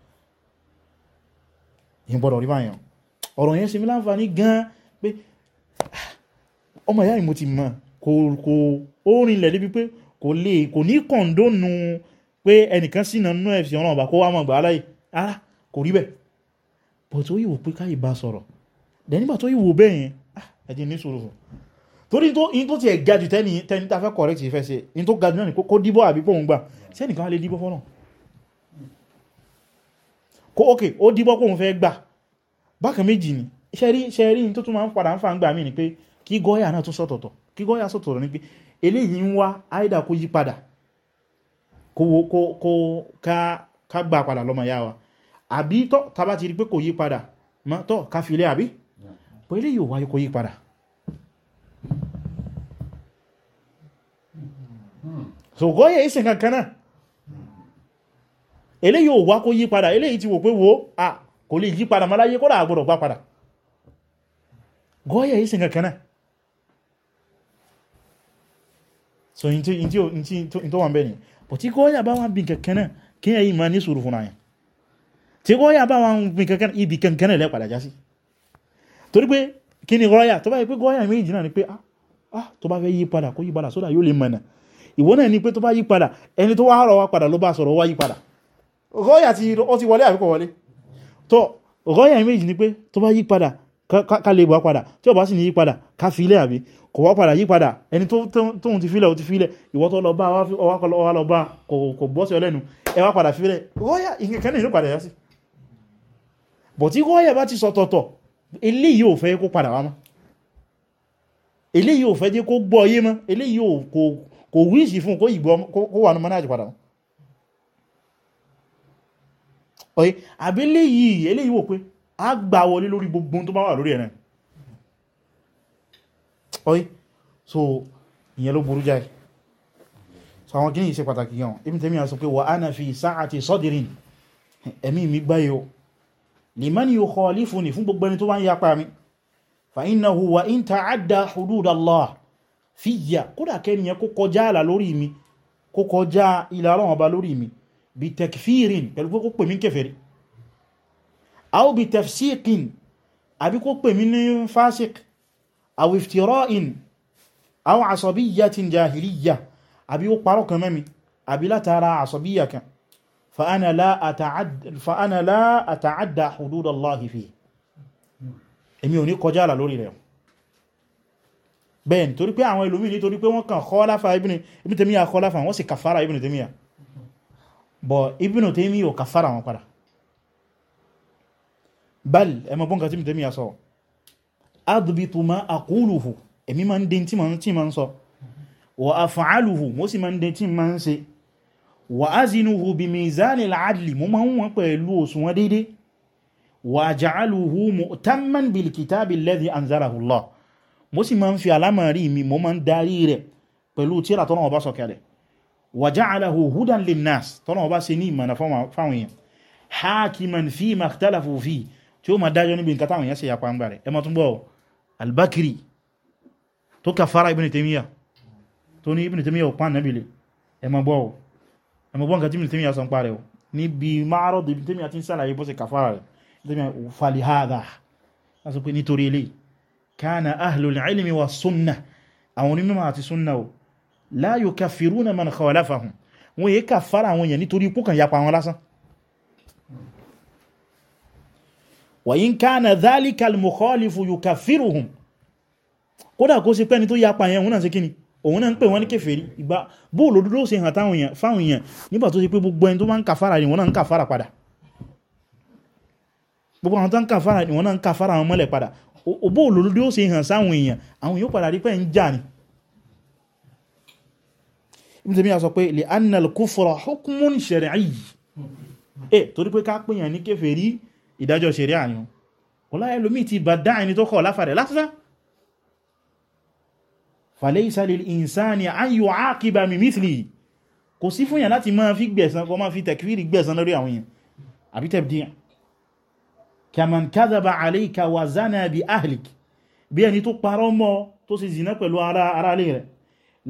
[SPEAKER 1] yìí gbọ́dọ̀ rí báyàn ọ̀rọ̀ yẹn ṣe mí láǹfààní gan pé ọmọ ìyá ìmò ti mọ̀ kò kò ó rinlẹ̀ débi pé kò lè kò ní kọ̀ǹdónù pé ẹnìkan sínà nú ẹ̀fẹ̀ ọ̀ràn ọ̀bà kó wá mọ̀ gbà láyé ara kò rí bẹ̀ torí in tó ti ẹ̀ gajù tẹ́ni tẹ́ni ta fẹ́ correct ìfẹ́ sí in tó gajù náà ni kó díbọ́ àbí pòun gbà sí ẹnìkan a lè díbọ́ fọ́nà kó ok ó díbọ́ pòun fẹ́ gbà bákan méjì ni ṣẹ́rí ṣẹ́rí tó tún máa ń padà ń fa gbà mí ni pé kí gọ́yà náà tún sọ̀tọ̀tọ̀ kí gọ́yà sọ̀tọ̀tọ̀ ni pé eléyìí ń wá áìdà kó yí padà kó ká gbà padà lọ́mọ yá wa àbí tọ́ tá bá ti rí pé kò yí padà tọ́ ká fi ilé àbí pé eléyìí wáyé kó yí padà so gọ́yẹ̀ ìsìn kankaná ilé yóò wá kó yípadà ilé yìí ti wò pé wo a kò lè yípadà maláyé kó láà gbọ́dọ̀ pápadà gọ́yẹ̀ ìsìn kankaná so in tó wà bẹ́ni bọ̀ tí gọ́yẹ̀ bá wà bí kankaná kí yẹ yìí ma ní sùúrù fún àyàn tí gọ́yẹ̀ bá wà bí kankaná ibi kankaná lẹ́ padà já sí torí pé kí ni gọ́yà tó bá yẹ pé gọ́yà méjì náà ni pé ah, ah ìwọ náà ní pé tó bá yí padà ẹni tó wá rọ̀ wá padà ló bá sọ̀rọ̀ wá yí padà rọ́yà tí ó ti wọlé àbíkọ̀ wọlé tó rọ́yà méjì ni pé tó bá yí padà ká lè wá padà tí ó bá sì ní yí padà ká filẹ̀ àbí kò wá padà yí padà ẹni tó ti filẹ̀ ó ti filẹ̀ ìwọ tó lọ bá wá lọ bá kò bọ́ sí ọlẹ́nu ẹ wá padà filẹ̀ rọ́yà ìkẹ́kẹ́ náà ló padà yá sí bọ̀ tí rọ́yà bá ti sọ tọ̀tọ̀ eléyìí ò fẹ́ kó padà wá mọ́ eléyìí ò fẹ́ jẹ́ kó gbọ́ yé mọ́ eléyìí ò kò wíṣì fún kó ìgbọ́ kó wà ní manájì padà ọ̀yí àbí léyìí eléyìí wò pé a gbà wọlé lórí gbogbo tó bá wà lórí ẹ̀rẹ́ ọ̀yí so ìyẹn ló burú jáì so àwọn kìí ṣe pàtàkì yàn Ibn Taymiyyah sọ pé wa ana fi sa'ati sadrin ẹ̀mí mi gbáyọ liman yukhalifuni fún gbogbo ẹni tó bá ń yapa mi fa innahu wa in ta'adda hudud fíyà kódà kẹ́niyàn kó kọjá àlà lórí mi kó kọjá ilẹ̀ ọlọ́run ọba lórí mi bí tekfirin pẹ̀lú kó pè mí kèfèrí aw bí tefsiqin àbí kó pè mí ní fásik aw iftira'in aw asabiyyatin jahiliyya àbí ó parọ́ kan mẹ́mi àbí látara asabiyya kan فأنا لا أتعد فأنا لا أتعدى حدود الله فيه èmi ò ní kọjá àlà lórí rẹ̀ bẹ́ẹ̀ni torí pé àwọn ìlúmí nítorí pé wọ́n kàn khalafa Ibn Taymiyyah khalafa wọ́n sì kàfàrà Ibn Taymiyyah bọ̀ Ibn Taymiyyah ò kàfàrà wọn padà bal ẹmọ bọ́nkà tí Ibn Taymiyyah sọ adbitu ma aquluhu èmi ma ń dín tí ma ń sọ wa af'aluhu mo sì ma ń dín tí ma ń ṣe wa azinuhu bi mizanil adli mo mo sì máa ń fi àlámọ̀rí mi mo máa ń darí rẹ̀ pẹ̀lú tírà tọ́nà ọba sọ̀kalẹ̀ wa ja'alahu hudan linnas tọ́nà ọba ṣe ní ìmọ̀nà fáwọn èèyàn hakiman fi ma ikhtalafu fi tí ó ma dájọ́ níbi nǹkan táwọn èèyàn ṣe yapa ń gbà rẹ̀ ẹ ma tún gbọ́ albakiri tó ka fara ibn taymiya tó ní ibn taymiya ò pa nàbìlẹ̀ ẹ ma gbọ́ ẹ ma gbọ́ nǹkan tí ibn taymiya sọ ń parẹ́ o níbi márọ̀ ibn taymiya ti ń sàlàyé bó ṣe kàfàrà rẹ̀ falihada láti pé nítorí eléyìí kana ahlul ilmi wa sunna àwọn onímọ̀ àti sunna o la yukaffiruna man khalafahum wọ́n yẹ kàfàrà àwọn èèyàn nítorí ipò kan yapa wọn lásán wa in kana dhalika al-mukhalifu yukaffiruhum kódà kó sí pẹ́ni tó yapa yẹn òun náà sí kíni òun náà ń pè wọ́n ní kèfèrí ìgbà bóòlù òdodo ṣe hàn táwọn èèyàn fáwọn èèyàn nígbà tó ṣe pé gbogbo ẹni tó máa ń kàfàrà ni wọ́n náà ń kàfàrà padà òbó olódó ó ṣe hàn sáwọn èèyàn àwọn èèyàn padà rí pé ń jà ní Ibn Taymiyyah sọ pé li anna al-kufra hukmun shar'i eh torí pé ká pèyàn ní kèfèrí ìdájọ́ ṣẹ̀rí àyàn ọlá ẹlòmí ti bá dá ẹni tó kọ̀ láfàrẹ̀ látútá falaysa lil-insani an yu'aqiba mimithlihi kò sí fún kàmàn kádàbà àlẹ́ìkà wà zánà bí ahlik bí ẹni tó parọ́ mọ́ tó sì zìnà pẹ̀lú ara ara lè rẹ̀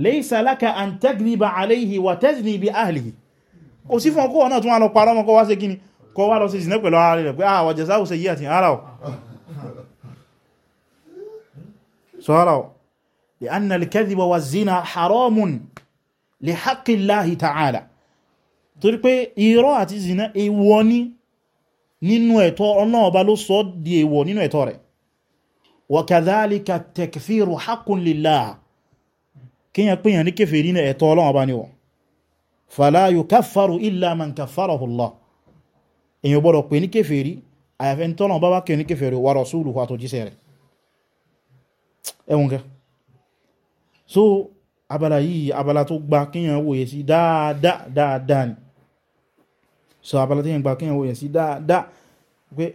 [SPEAKER 1] laysa laka an tagriba àlẹ́ìhì wà tazni bí ahlihi kò sí fún ọkọ̀ náà tún wá lọ parọ́ mọ́ kọ́ wá sí gíní kọ́ wá lọ sí zìnà pẹ̀lú ara rẹ̀ pé ah, nínú ẹ̀tọ́ ọlọ́run ọba ló sọ di èèwọ̀ nínú ẹ̀tọ́ rẹ̀ wa kadhalika takfiru haqqun lillah kíyàn pèyàn ní kéfèé nínú ẹ̀tọ́ ọlọ́run ọba ni wọ́n fala yukaffaru illa man kaffarahu Allah èyàn gbọ́dọ̀ pè so abala yìí abala tó gba kíyàn wòye sí dáadáa dáadáa ni so abala tí yẹn gba kíyàn wo yẹn sí dáadáa pé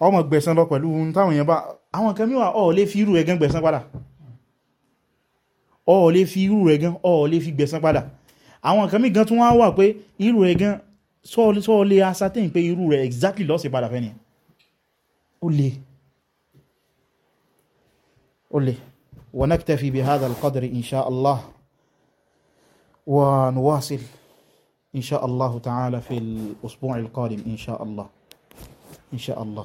[SPEAKER 1] ọmọ gbẹ̀san lọ pẹ̀lú ohun táwọn yẹn bá àwọn nǹkan mìíràn ọ̀ lè fi irú rẹ̀ gan gbẹ̀san padà ọ̀ lè fi irú rẹ̀ gan ọ̀ lè fi gbẹ̀san padà àwọn nǹkan mìíràn gan tún wá wà pé irú rẹ̀ gan sọ́ọ̀ lè ascertain pé irú rẹ̀ exactly lọ́sẹ̀ padà fẹ́ nìyẹn ó lè ó lè ونكتفي بهذا القدر إن شاء الله ونواصل إن شاء الله تعالى في الأسبوع القادم إن شاء الله إن شاء الله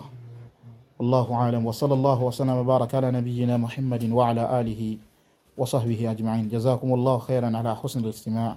[SPEAKER 1] الله عالم وصلى الله وسلم وبارك على نبينا محمد وعلى آله وصحبه أجمعين جزاكم الله خيرا على حسن الاستماع